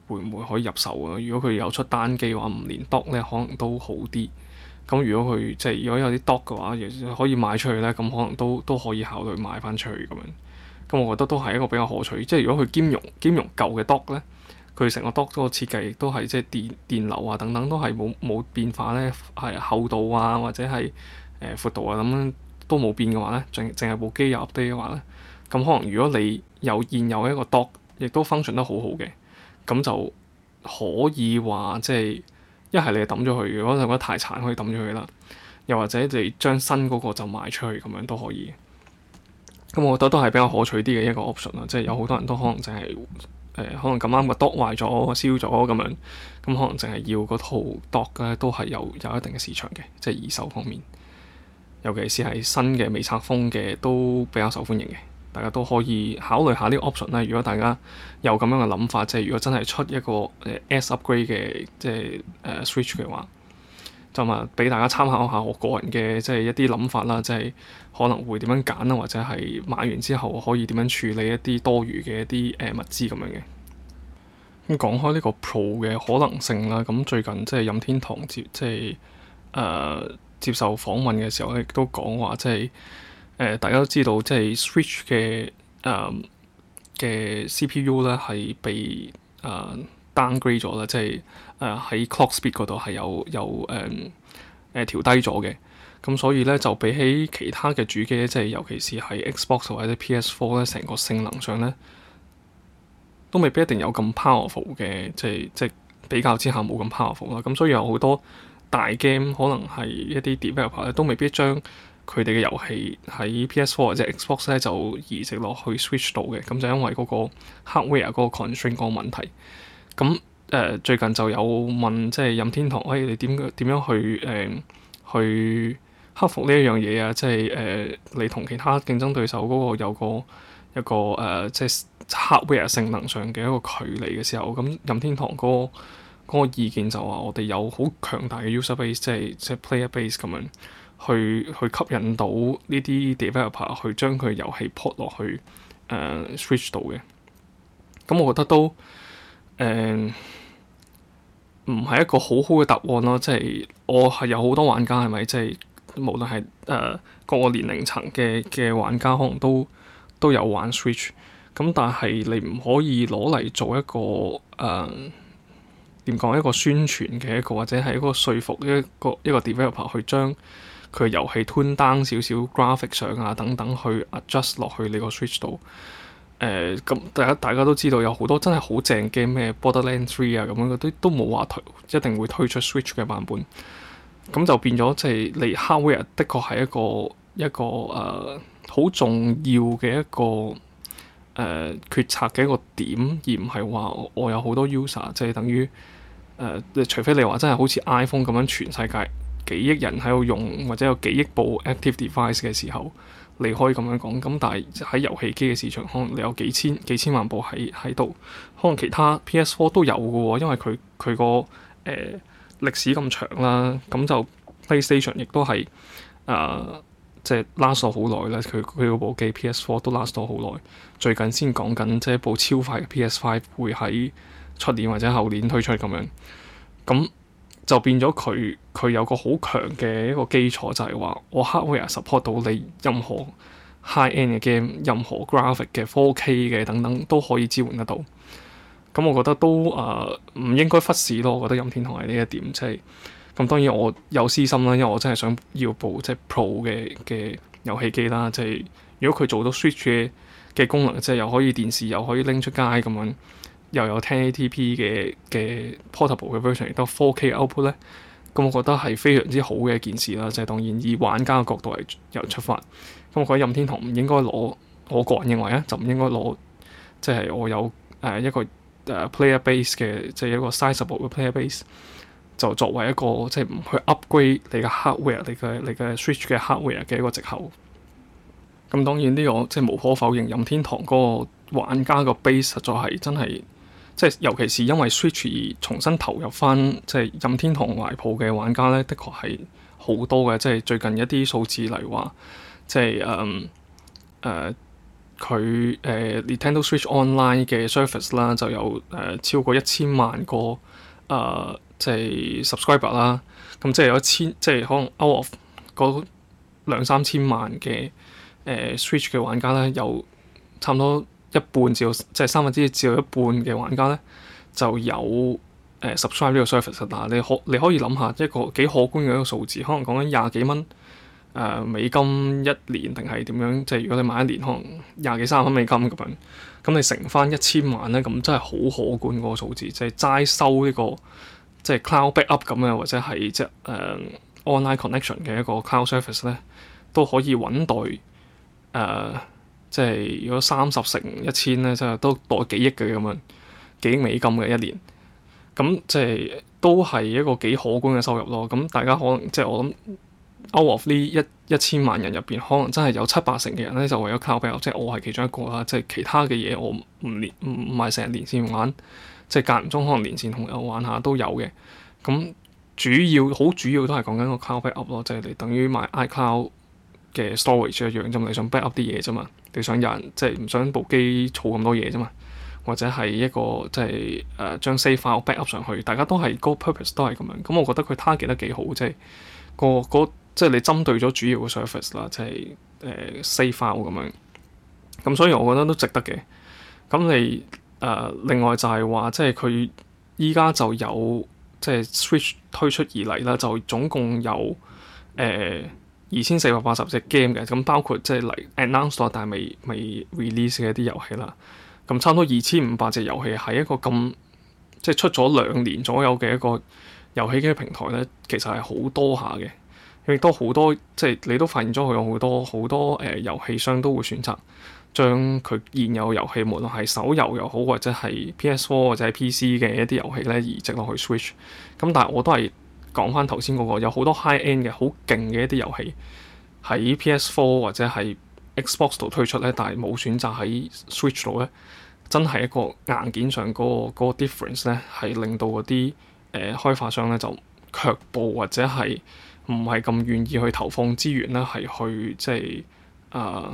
Speaker 1: 會唔會可以入手啊？如果佢有出單機嘅話，唔連 Dock 咧，可能都好啲。咁如果佢即係如果有啲 Dock 嘅話，可以賣出去咧，咁可能都都可以考慮買翻出去咁樣。咁我覺得都係一個比較可取，即係如果佢兼容、兼容舊嘅 Dock 咧，佢成個 Dock 個設計都係即係電電流啊等等都係冇冇變化咧，係厚度啊或者係誒闊度啊咁都冇變嘅話咧，淨淨係部機有 update 嘅話咧，咁可能如果你有現有一個 Dock 亦都 function 得好好嘅，咁就可以話即係一係你抌咗佢，如果你覺得太殘可以抌咗佢啦，又或者你將新嗰個就賣出去咁樣都可以。咁我覺得都係比較可取啲嘅一個 option 啦，即係有好多人都可能淨係誒，可能咁啱個 Dock 壞咗、燒咗咁樣，咁可能淨係要嗰套 Dock 咧都係有有一定嘅市場嘅，即係二手方面，尤其是係新嘅未拆封嘅都比較受歡迎嘅，大家都可以考慮下呢個 option 啦。如果大家有咁樣嘅諗法，即係如果真係出一個誒 S upgrade 嘅即係誒、uh, Switch 嘅話。就咪俾大家參考下我個人嘅即係一啲諗法啦，即係可能會點樣揀啦，或者係買完之後可以點樣處理一啲多餘嘅一啲誒物資咁樣嘅。咁講開呢個 Pro 嘅可能性啦，咁最近即係任天堂接即係誒接受訪問嘅時候，亦都講話即係誒大家都知道即係 Switch 嘅誒嘅 CPU 咧係被誒 downgrade 咗啦，即係。呃係啊，喺 Clock Speed 嗰度係有有誒誒調低咗嘅，咁所以咧就比起其他嘅主機，即係尤其是係 Xbox 或者 PS Four 咧，成個性能上咧都未必一定有咁 powerful 嘅，即係即係比較之下冇咁 powerful 啦。咁所以有好多大 game 可能係一啲 developer 咧都未必將佢哋嘅遊戲喺 PS Four 或者 Xbox 咧就移植落去 Switch 度嘅，咁就因為嗰個 hardware 嗰個 constraint 個問題。咁。誒最近就有問，即係任天堂，誒你點點樣去誒去克服呢一樣嘢啊？即係誒你同其他競爭對手嗰個有個一個誒即係 hardware 性能上嘅一個距離嘅時候，咁任天堂嗰嗰個意見就話我哋有好強大嘅 user base，即係即係 player base 咁樣去去，去吸引到呢啲 developer 去將佢遊戲 port 落去誒 switch 到嘅。咁我覺得都誒，呃唔係一個好好嘅答案咯，即係我係有好多玩家係咪？即係無論係誒各個年齡層嘅嘅玩家，可能都都有玩 Switch。咁但係你唔可以攞嚟做一個誒點講一個宣傳嘅一個，或者係一個說服一個一個 developer 去將佢遊戲 turn down 少少 graphic 上啊等等去 adjust 落去你個 Switch 度。誒咁、呃，大家大家都知道有好多真係好正嘅 game，咩《Borderland Three》啊，咁樣嗰啲都冇話推，一定會推出 Switch 嘅版本。咁就變咗即係你 hardware 的確係一個一個誒好、呃、重要嘅一個誒、呃、決策嘅一個點，而唔係話我有好多 user，即係等於誒、呃，除非你話真係好似 iPhone 咁樣，全世界幾億人喺度用，或者有幾億部 active device 嘅時候。你可以咁樣講，咁但係喺遊戲機嘅市場，可能你有幾千幾千萬部喺喺度，可能其他 PS4 都有嘅喎、哦，因為佢佢個誒歷史咁長啦，咁就 PlayStation 亦都係啊、呃，即係 last 咗好耐咧，佢佢嗰部機 PS4 都 last 咗好耐，最近先講緊即係一部超快嘅 PS5 會喺出年或者後年推出咁樣，咁。就變咗佢佢有個好強嘅一個基礎，就係話我 hardware support 到你任何 high end 嘅 game、任何 graphic 嘅 4K 嘅等等都可以支援得到。咁我覺得都啊唔應該忽視咯。我覺得任天堂係呢一點即係咁。當然我有私心啦，因為我真係想要部即係 pro 嘅嘅遊戲機啦。即係如果佢做到 Switch 嘅嘅功能，即係又可以電視又可以拎出街咁樣。又有聽 ATP 嘅嘅 portable 嘅 version 亦都 4K output 咧，咁我覺得係非常之好嘅一件事啦。就係、是、當然以玩家嘅角度嚟由出發，咁我覺得任天堂唔應該攞我個人認為呢，就唔應該攞即係我有誒、呃、一個誒、呃、player base 嘅，即、就、係、是、一個 sizeable 嘅 player base，就作為一個即係唔去 upgrade 你嘅 hardware，你嘅你嘅 Switch 嘅 hardware 嘅一個藉口。咁當然呢、這個即係、就是、無可否認，任天堂嗰個玩家個 base 實在係真係。即係尤其是因為 Switch 而重新投入翻即係任天堂懷抱嘅玩家咧，的確係好多嘅。即係最近一啲數字嚟話，即係誒誒佢誒 Nintendo Switch Online 嘅 service 啦，就有誒、uh, 超過一千萬個誒、uh, 即係 subscriber 啦。咁即係有一千即係可能 out of 嗰兩三千萬嘅誒、uh, Switch 嘅玩家咧，有差唔多。一半至，即係三分之一至到一半嘅玩家咧，就有誒 subscribe 呢個 service 啦。你可你可以諗下，一個幾可觀嘅一個數字，可能講緊廿幾蚊誒、呃、美金一年，定係點樣？即係如果你買一年，可能廿幾三十蚊美金咁樣。咁你乘翻一千萬咧，咁真係好可觀嗰個數字。即係齋收呢、這個即係 cloud backup 咁嘅，或者係即係誒、呃、online connection 嘅一個 cloud service 咧，都可以揾代誒。呃即係如果三十成一千咧，即係都袋幾億嘅咁樣，幾億美金嘅一年，咁即係都係一個幾可觀嘅收入咯。咁大家可能即係我諗，out of 呢一一千萬人入邊，可能真係有七八成嘅人咧，就為咗 cloud backup，即係我係其中一個啦。即係其他嘅嘢，我唔連唔係成日連線玩，即係間唔中可能連線同人玩，玩下都有嘅。咁主要好主要都係講緊個 cloud backup 咯，即係你等於買 iCloud。嘅 storage 一樣啫嘛，你想 backup 啲嘢啫嘛，你想有人即係唔想部機儲咁多嘢啫嘛，或者係一個即係、就、誒、是、將、呃、save 翻我 backup 上去，大家都係嗰個 purpose 都係咁樣，咁、嗯、我覺得佢 target 得幾好，即、就、係、是、個嗰即係你針對咗主要嘅 s u r f a c e 啦，即係誒 save 翻我咁樣，咁所以我覺得都值得嘅。咁你誒、呃、另外就係話，即係佢依家就有即係、就是、switch 推出而嚟啦，就總共有誒、呃二千四百八十隻 game 嘅，咁包括即係嚟、like、announce 咗但係未未 release 嘅一啲遊戲啦。咁差唔多二千五百隻遊戲係一個咁即係出咗兩年左右嘅一個遊戲機嘅平台咧，其實係好多下嘅。亦都好多即係、就是、你都發現咗佢有好多好多誒、呃、遊戲商都會選擇將佢現有遊戲，無論係手遊又好，或者係 PS4 或者係 PC 嘅一啲遊戲咧，移植落去 Switch。咁但係我都係。講翻頭先嗰個有好多 high end 嘅好勁嘅一啲遊戲喺 PS4 或者係 Xbox 度推出咧，但係冇選擇喺 Switch 度咧，真係一個硬件上嗰個嗰個 difference 咧，係令到嗰啲誒開發商咧就卻步或者係唔係咁願意去投放資源咧，係去即係誒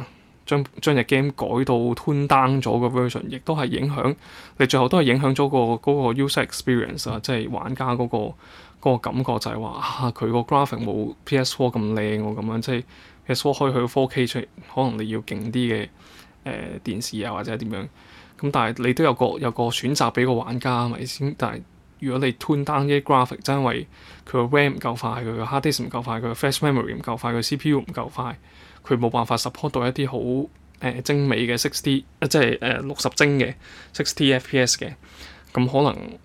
Speaker 1: 將將隻 game 改到吞單咗個 version，亦都係影響你最後都係影響咗個嗰個 user experience 啊，即係玩家嗰個。個感覺就係話，佢個 graphic 冇 PS4 咁靚喎，咁、啊、樣即係 PS4 開佢個 4K 出嚟，可能你要勁啲嘅誒電視啊，或者點樣？咁但係你都有個有個選擇俾個玩家咪先。但係如果你 turn down 啲 graphic，因為佢個 RAM 唔夠快，佢個 hard disk 唔夠快，佢個 fast memory 唔夠快，佢 CPU 唔夠快，佢冇辦法 support 到一啲好誒精美嘅 6D，呃、即係誒六十幀嘅 60FPS 嘅，咁、呃嗯、可能。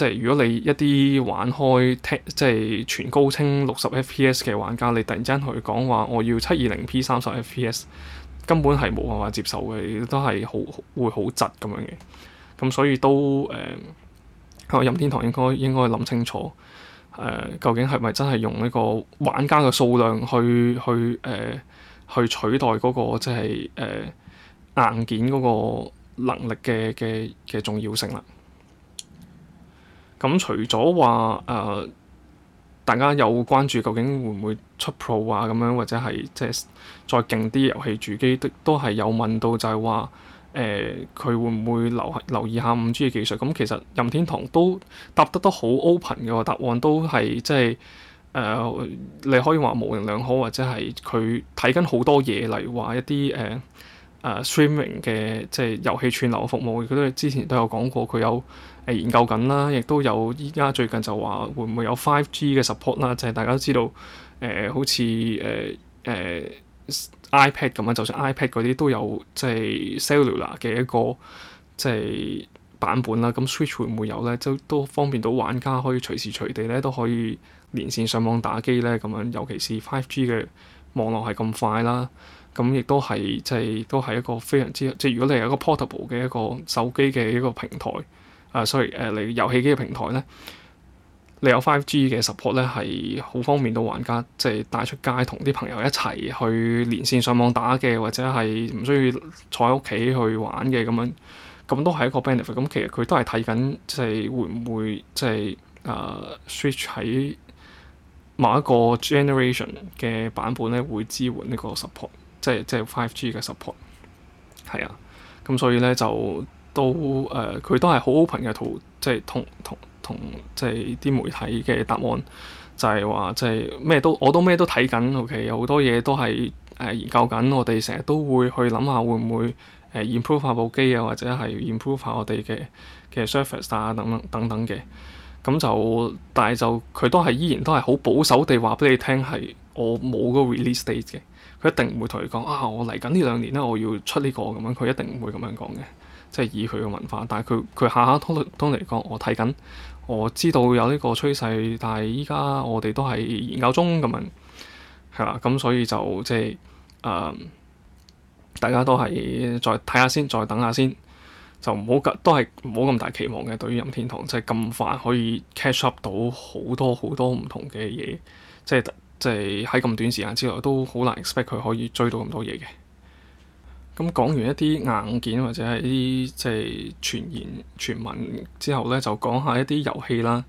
Speaker 1: 即係如果你一啲玩開聽，即係全高清六十 FPS 嘅玩家，你突然之間去講話我要七二零 P 三十 FPS，根本係冇辦法接受嘅，都係好會好窒咁樣嘅。咁所以都誒，任天堂應該應該諗清楚誒，究竟係咪真係用呢個玩家嘅數量去去誒去取代嗰個即係誒硬件嗰個能力嘅嘅嘅重要性啦？咁、嗯、除咗話誒，大家有關注究竟會唔會出 Pro 啊咁樣，或者係即係再勁啲遊戲主機，都都係有問到就係話誒，佢、呃、會唔會留留意下五 G 嘅技術？咁、嗯、其實任天堂都答得都好 open 嘅答案都是、就是，都係即係誒，你可以話模棱兩可，或者係佢睇緊好多嘢嚟話一啲誒誒 streaming 嘅即係遊戲串流服務。佢都之前都有講過，佢有。誒研究緊啦，亦都有依家最近就話會唔會有 Five G 嘅 support 啦？就係、是、大家都知道誒、呃，好似誒誒 iPad 咁樣，就算 iPad 嗰啲都有即係 cellular 嘅一個即係版本啦。咁 Switch 會唔會有咧？就都方便到玩家可以隨時隨地咧都可以連線上網打機咧，咁樣尤其是 Five G 嘅網絡係咁快啦。咁亦都係即係都係一個非常之即係、就是、如果你係一個 portable 嘅一個手機嘅一個平台。啊，所以誒，uh, sorry, uh, 你遊戲機嘅平台咧，你有 5G 嘅 support 咧，係好方便到玩家，即係帶出街同啲朋友一齊去連線上網打嘅，或者係唔需要坐喺屋企去玩嘅咁樣，咁都係一個 benefit。咁其實佢都係睇緊，即係會唔、uh, 會即係誒 switch 喺某一個 generation 嘅版本咧，會支援呢個 support，即係即係 5G 嘅 support。係啊，咁所以咧就。呃、都誒，佢都係好 open 嘅，同即係同同同即係啲媒體嘅答案就係、是、話，即係咩都我都咩都睇緊。O.K. 有好多嘢都係誒、呃、研究緊，我哋成日都會去諗下會唔會誒、呃、improve 下部機啊，或者係 improve 下、啊、我哋嘅嘅 service 啊等等等等嘅。咁就但係就佢都係依然都係好保守地話俾你聽係我冇個 release date 嘅。佢一定唔會同你講啊，我嚟緊呢兩年咧，我要出呢、這個咁樣，佢一定唔會咁樣講嘅。即係以佢嘅文化，但係佢佢下下都嚟都嚟講，我睇緊，我知道有呢個趨勢，但係依家我哋都係研究中咁樣，係啦，咁所以就即係誒、嗯，大家都係再睇下先，再等下先，就唔好咁都係唔好咁大期望嘅，對於任天堂，即係咁快可以 catch up 到好多好多唔同嘅嘢，即係即係喺咁短時間之內都好難 expect 佢可以追到咁多嘢嘅。咁講完一啲硬件或者係啲即係傳言傳聞之後咧，就講下一啲遊戲啦。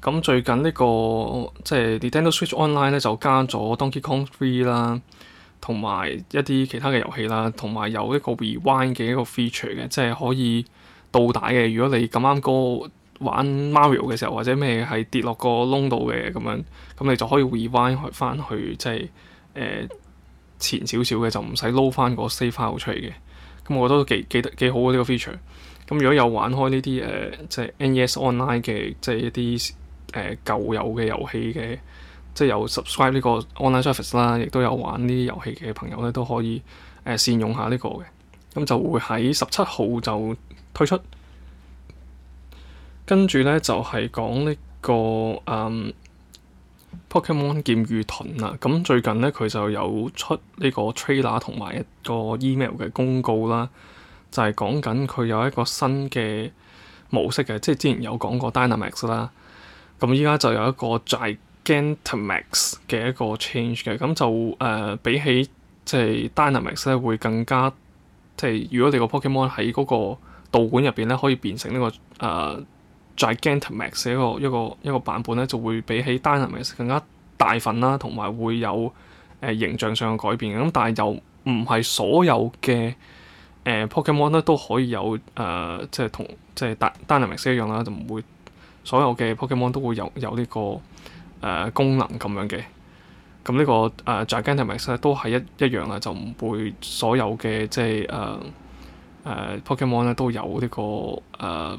Speaker 1: 咁最近呢個即係 Nintendo Switch Online 咧就加咗 Donkey Kong Three 啦，同埋一啲其他嘅遊戲啦，同埋有一個 Rewind 嘅一個 feature 嘅，即係可以倒帶嘅。如果你咁啱個玩 Mario 嘅時候或者咩係跌落個窿度嘅咁樣，咁你就可以 Rewind 翻去即係誒。就是呃前少少嘅就唔使撈翻個 save file 出嚟嘅，咁我覺得都幾幾得幾好嘅呢個 feature。咁如果有玩開呢啲誒即係 NES online 嘅，即係一啲誒舊有嘅遊戲嘅，即係有 subscribe 呢個 online service 啦，亦都有玩呢啲遊戲嘅朋友咧，都可以誒善用下呢個嘅。咁就會喺十七號就推出，跟住咧就係講呢個誒。嗯 Pokemon 劍與盾啦，咁最近咧佢就有出呢個 trailer 同埋一個 email 嘅公告啦，就係講緊佢有一個新嘅模式嘅，即係之前有講過 Dynamax 啦，咁依家就有一個 Gigantamax 嘅一個 change 嘅，咁就誒、呃、比起即係 Dynamax 咧會更加，即係如果你個 Pokemon 喺嗰個道館入邊咧可以變成呢、這個誒。呃 Gigantamax 一個一個一個版本咧，就會比起 Dynamax 更加大份啦，同埋會有誒、呃、形象上嘅改變，咁但係又唔係所有嘅誒、呃、Pokemon 咧都可以有誒，即、呃、係、就是、同即係、就、大、是、Dynamax 一樣啦，就唔會所有嘅 Pokemon 都會有有呢、這個誒、呃、功能咁樣嘅。咁、這個呃、呢個誒巨 Gigantamax 都係一一樣啦，就唔會所有嘅即係誒誒 Pokemon 咧都有呢、這個誒。呃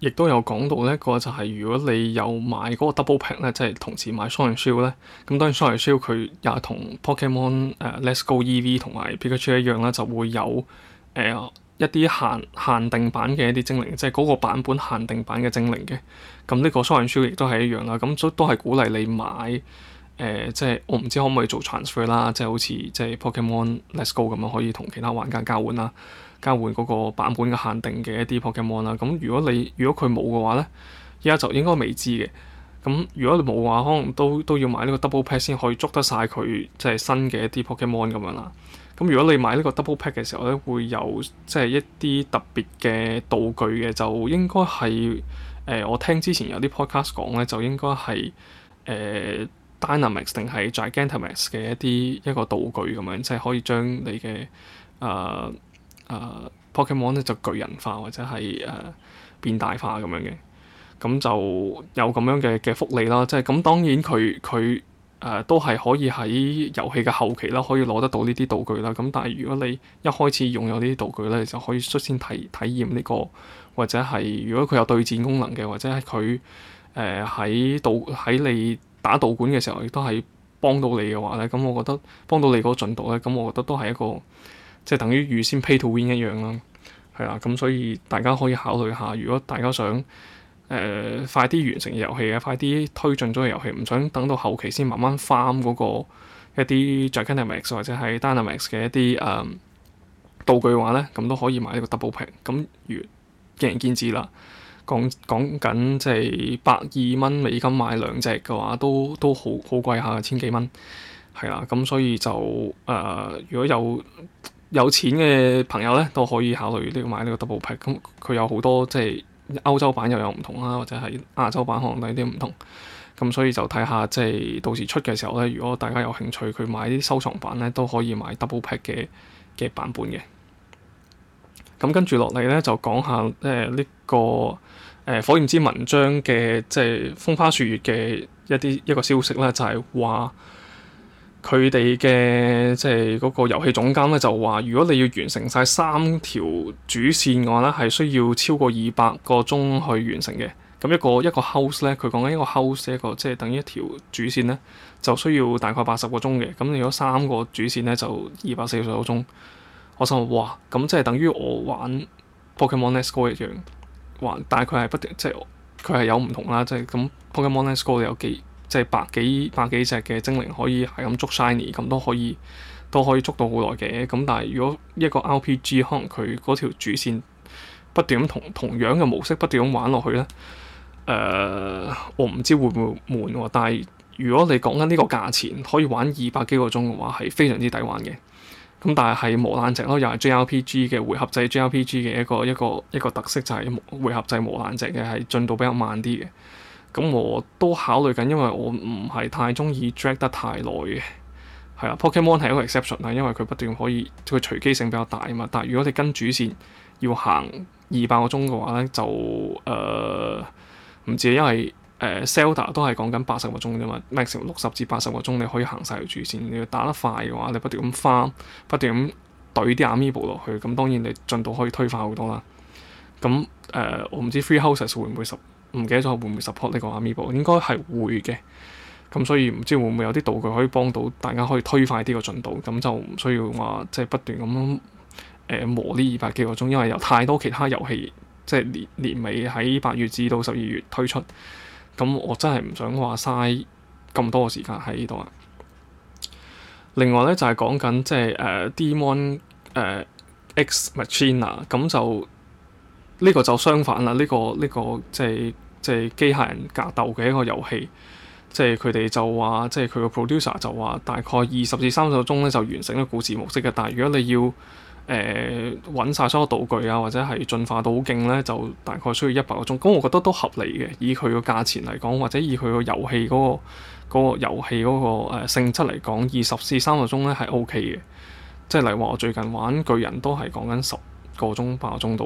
Speaker 1: 亦都有講到呢個就係如果你有買嗰個 double pack 呢，即係同時買 Sword and Shield 呢。咁當然 s Sword and Shield 佢也同 Pokemon 誒 Let's Go EV 同埋 Pikachu 一樣啦，就會有誒、呃、一啲限限定版嘅一啲精靈，即係嗰個版本限定版嘅精靈嘅。咁呢個 Sword and Shield 亦都係一樣啦，咁都都係鼓勵你買誒、呃，即係我唔知可唔可以做 transfer 啦，即係好似即係 Pokemon Let's Go 咁樣可以同其他玩家交換啦。交換嗰個版本嘅限定嘅一啲 Pokemon、ok、啦，咁如果你如果佢冇嘅話呢，依家就應該未知嘅。咁如果你冇嘅話，可能都都要買呢個 Double Pack 先可以捉得晒佢即係新嘅一啲 Pokemon、ok、咁樣啦。咁如果你買呢個 Double Pack 嘅時候呢，會有即係一啲特別嘅道具嘅，就應該係誒、呃、我聽之前有啲 Podcast 講呢，就應該係誒、呃、Dynamax 定係 Gigantamax 嘅一啲一個道具咁樣，即係可以將你嘅啊～、呃誒、uh, Pokemon 呢就巨人化或者係誒、uh, 變大化咁樣嘅，咁就有咁樣嘅嘅福利啦。即係咁，當然佢佢誒都係可以喺遊戲嘅後期啦，可以攞得到呢啲道具啦。咁但係如果你一開始擁有呢啲道具呢，就可以率先體體驗呢個，或者係如果佢有對戰功能嘅，或者係佢誒喺道喺你打道館嘅時候，亦都係幫到你嘅話呢。咁我覺得幫到你個進度呢，咁我覺得都係一個。即係等於預先 pay to win 一樣啦，係啦，咁所以大家可以考慮下，如果大家想誒、呃、快啲完成遊戲啊，快啲推進咗個遊戲，唔想等到後期先慢慢翻嗰個一啲 dragon dynamics 或者係 dynamics 嘅一啲誒、呃、道具嘅話咧，咁都可以買呢個 double pick，咁如見仁見智啦。講講緊即係百二蚊美金買兩隻嘅話，都都好好貴下，千幾蚊係啦，咁所以就誒、呃、如果有有錢嘅朋友咧都可以考慮呢個買呢個 Double Pack，咁佢有好多即係歐洲版又有唔同啦，或者係亞洲版可能有啲唔同，咁所以就睇下即係到時出嘅時候咧，如果大家有興趣，去買啲收藏版咧都可以買 Double Pack 嘅嘅版本嘅。咁跟住落嚟咧就講下誒呢、呃這個誒、呃《火焰之紋章》嘅即係《風花雪月》嘅一啲一個消息咧，就係、是、話。佢哋嘅即係嗰個遊戲總監咧就話，如果你要完成晒三條主線嘅話咧，係需要超過二百個鐘去完成嘅。咁一個一個 house 咧，佢講緊一個 house 一個即係等於一條主線咧，就需要大概八十個鐘嘅。咁你如果三個主線咧就二百四十個鐘，我就話哇，咁即係等於我玩 Pokemon Let’s Go 一樣，話，但係佢係不停，即係佢係有唔同啦，即係咁 Pokemon Let’s Go 你有幾。即係百幾百幾隻嘅精靈可以係咁捉曬你，咁都可以都可以捉到好耐嘅。咁但係如果一個 RPG，可能佢嗰條主線不斷咁同同樣嘅模式不斷咁玩落去咧，誒、呃、我唔知會唔會悶喎、啊。但係如果你講緊呢個價錢可以玩二百幾個鐘嘅話，係非常之抵玩嘅。咁但係係磨爛蓆咯，又係 JRPG 嘅回合制 JRPG 嘅一個一個一個,一個特色就係回合制磨爛蓆嘅係進度比較慢啲嘅。咁我都考慮緊，因為我唔係太中意 drag 得太耐嘅，係啦。Pokemon 係一個 exception 啦，因為佢不斷可以，佢隨機性比較大啊嘛。但係如果你跟主線要行二百個鐘嘅話咧，就誒唔、呃、知，因為誒 Zelda、呃、都係講緊八十個鐘啫嘛，Max 六十至八十個鐘你可以行晒條主線。你要打得快嘅話，你不斷咁翻，不斷咁對啲 a m Amiibo 落去，咁當然你進度可以推快好多啦。咁誒、呃，我唔知 Three Houses 會唔會十？唔記得咗會唔會 support 呢個 Amiibo，應該係會嘅。咁所以唔知會唔會有啲道具可以幫到大家，可以推快啲個進度。咁就唔需要話即係不斷咁誒、呃、磨呢二百幾個鐘，因為有太多其他遊戲即係年年尾喺八月至到十二月推出。咁我真係唔想話嘥咁多嘅時間喺呢度啊。另外咧就係講緊即係誒、uh, Daemon 誒、uh, X Machina，咁就。呢個就相反啦，呢、呢個呢、呢個即係即係機械人格鬥嘅一個遊戲，即係佢哋就話、是，即係佢個 producer 就話、是，大概二十至三十個鐘咧就完成一個故事模式嘅。但係如果你要誒揾曬所有道具啊，或者係進化到好勁咧，就大概需要一百個鐘。咁我覺得都合理嘅，以佢個價錢嚟講，或者以佢、嗰個遊戲嗰個嗰、嗰個遊戲嗰個性質嚟講，二十至三十個鐘咧係 OK 嘅。即係例如話，我最近玩巨人都係講緊十個鐘八個鐘到，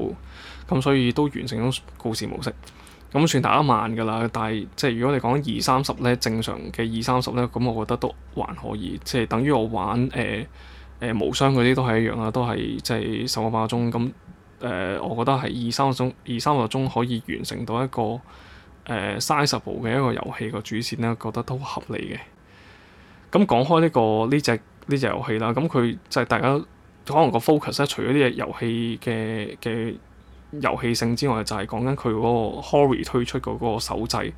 Speaker 1: 咁所以都完成咗故事模式，咁算打得慢㗎啦。但係即係如果你講二三十呢，正常嘅二三十呢，咁我覺得都還可以，即係等於我玩誒誒、呃呃、無雙嗰啲都係一樣啦，都係即係十個八個鐘咁誒、呃。我覺得係二三個鐘，二三個鐘可以完成到一個誒、呃、sizeable 嘅一個遊戲個主線呢，覺得都合理嘅。咁講開呢、呢個呢隻呢隻遊戲啦，咁佢就係大家。可能個 focus 咧，除咗啲嘢遊戲嘅嘅遊戲性之外，就係、是、講緊佢嗰個 Hori 推出嗰個手掣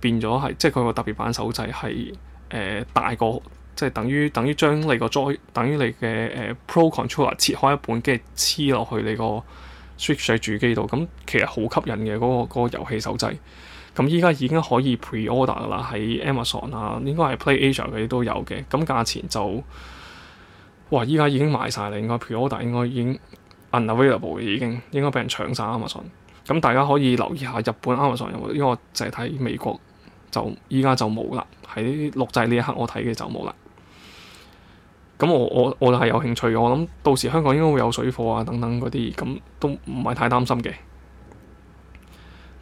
Speaker 1: 變咗係，即係佢個特別版手掣係誒、呃、大個，即係等於等於將你個左，等於你嘅誒 Pro Controller 切開一半，跟住黐落去你個 Switch 主機度。咁、嗯、其實好吸引嘅嗰、那個嗰、那個遊戲手掣。咁依家已經可以 pre order 啦，喺 Amazon 啊，應該係 PlayAsia 啲都有嘅。咁、嗯、價錢就～哇！依家已經賣晒啦，應該 pre-order 應該已經 unavailable 已經應該俾人搶晒 Amazon。咁大家可以留意下日本 Amazon 有冇，因為我淨係睇美國，就依家就冇啦。喺錄製呢一刻我睇嘅就冇啦。咁我我我就係有興趣，我諗到時香港應該會有水貨啊等等嗰啲，咁都唔係太擔心嘅。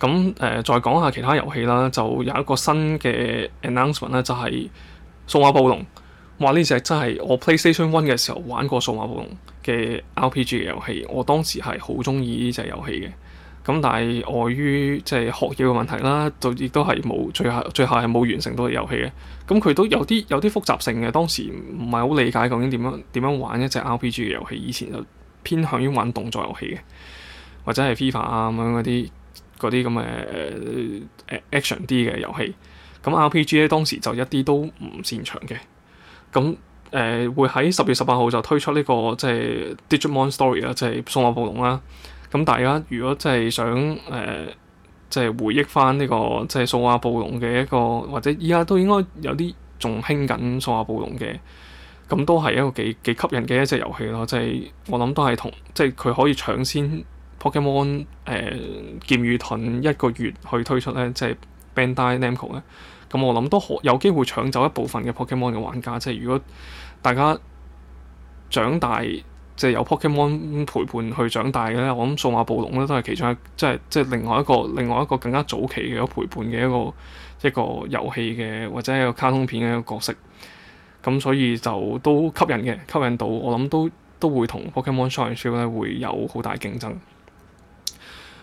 Speaker 1: 咁誒、呃，再講下其他遊戲啦，就有一個新嘅 announcement 咧、啊，就係、是《數碼暴龍》。話呢隻真係我 PlayStation One 嘅時候玩過數碼暴龍嘅 RPG 嘅遊戲。我當時係好中意呢隻遊戲嘅。咁但係礙於即係學業嘅問題啦，就亦都係冇最後最後係冇完成到遊戲嘅。咁佢都有啲有啲複雜性嘅。當時唔係好理解究竟點樣點樣玩一隻 RPG 嘅遊戲。以前就偏向於玩動作遊戲嘅，或者係 FIFA 啊咁樣嗰啲啲咁嘅 action 啲嘅遊戲。咁 RPG 咧當時就一啲都唔擅長嘅。咁誒、呃、會喺十月十八號就推出呢、這個即係、就是、Digimon Story 啦，即係數碼暴龍啦。咁大家如果即係想誒即係回憶翻呢、這個即係、就是、數碼暴龍嘅一個，或者依家都應該有啲仲興緊數碼暴龍嘅，咁都係一個幾幾吸引嘅一隻遊戲咯。即、就、係、是、我諗都係同即係佢可以搶先 Pokemon 誒、呃、劍與盾一個月去推出咧，即、就、係、是、Bandai Namco 咧。咁我諗都可有機會搶走一部分嘅 Pokemon 嘅玩家，即係如果大家長大即係、就是、有 Pokemon 陪伴去長大嘅咧，我諗數碼暴龍咧都係其中一，即係即係另外一個另外一個更加早期嘅一個陪伴嘅一個一個遊戲嘅或者係一個卡通片嘅一個角色。咁所以就都吸引嘅，吸引到我諗都都會同 Pokemon Sunshine 咧會有好大競爭。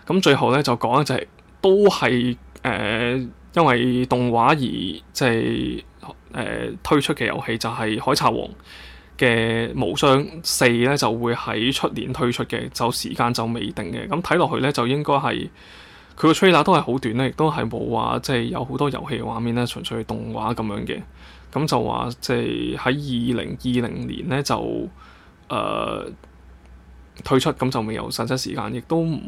Speaker 1: 咁最後咧就講一就係、是、都係誒。呃因為動畫而即係誒推出嘅遊戲就係、是《海賊王》嘅無雙四咧，就會喺出年推出嘅，就時間就未定嘅。咁睇落去咧，就應該係佢個 trailer 都係好短咧，亦都係冇話即係有好多遊戲畫面咧，純粹動畫咁樣嘅。咁、嗯、就話即係喺二零二零年咧就誒、呃、推出，咁就未有實質時間，亦都唔。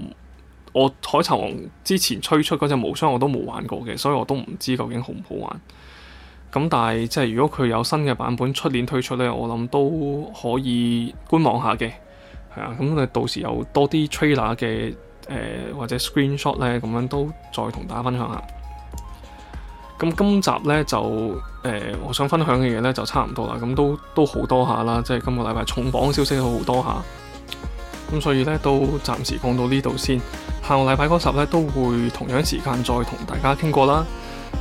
Speaker 1: 我《海賊王》之前推出嗰隻無雙我都冇玩過嘅，所以我都唔知究竟好唔好玩。咁但係即係如果佢有新嘅版本出年推出呢，我諗都可以觀望下嘅。係啊，咁誒到時有多啲 trailer 嘅誒或者 screen shot 呢，咁樣都再同大家分享下。咁今集呢，就誒、呃、我想分享嘅嘢呢，就差唔多啦，咁都都好多下啦，即係今個禮拜重磅消息好多下。咁所以咧都暫時講到呢度先。下個禮拜嗰集咧都會同樣時間再同大家傾過啦。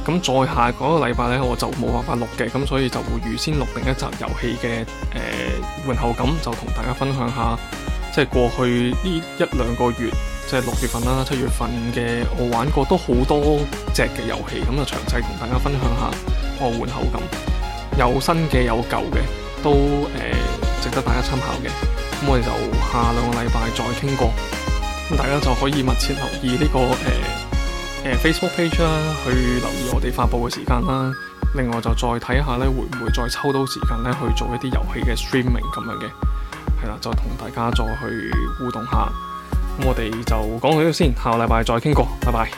Speaker 1: 咁再下嗰個禮拜咧，我就冇辦法錄嘅，咁所以就會預先錄另一集遊戲嘅誒、呃、玩後感，就同大家分享下，即係過去呢一兩個月，即係六月份啦、七月份嘅我玩過都好多隻嘅遊戲，咁就詳細同大家分享下我玩後感，有新嘅有舊嘅都誒、呃、值得大家參考嘅。咁我哋就下兩個禮拜再傾過，咁大家就可以密切留意呢個誒誒 Facebook page 啦，去留意我哋發布嘅時間啦。另外就再睇下咧，會唔會再抽到時間咧去做一啲遊戲嘅 streaming 咁樣嘅，係啦，就同大家再去互動下。咁我哋就講到呢度先，下個禮拜再傾過，拜拜。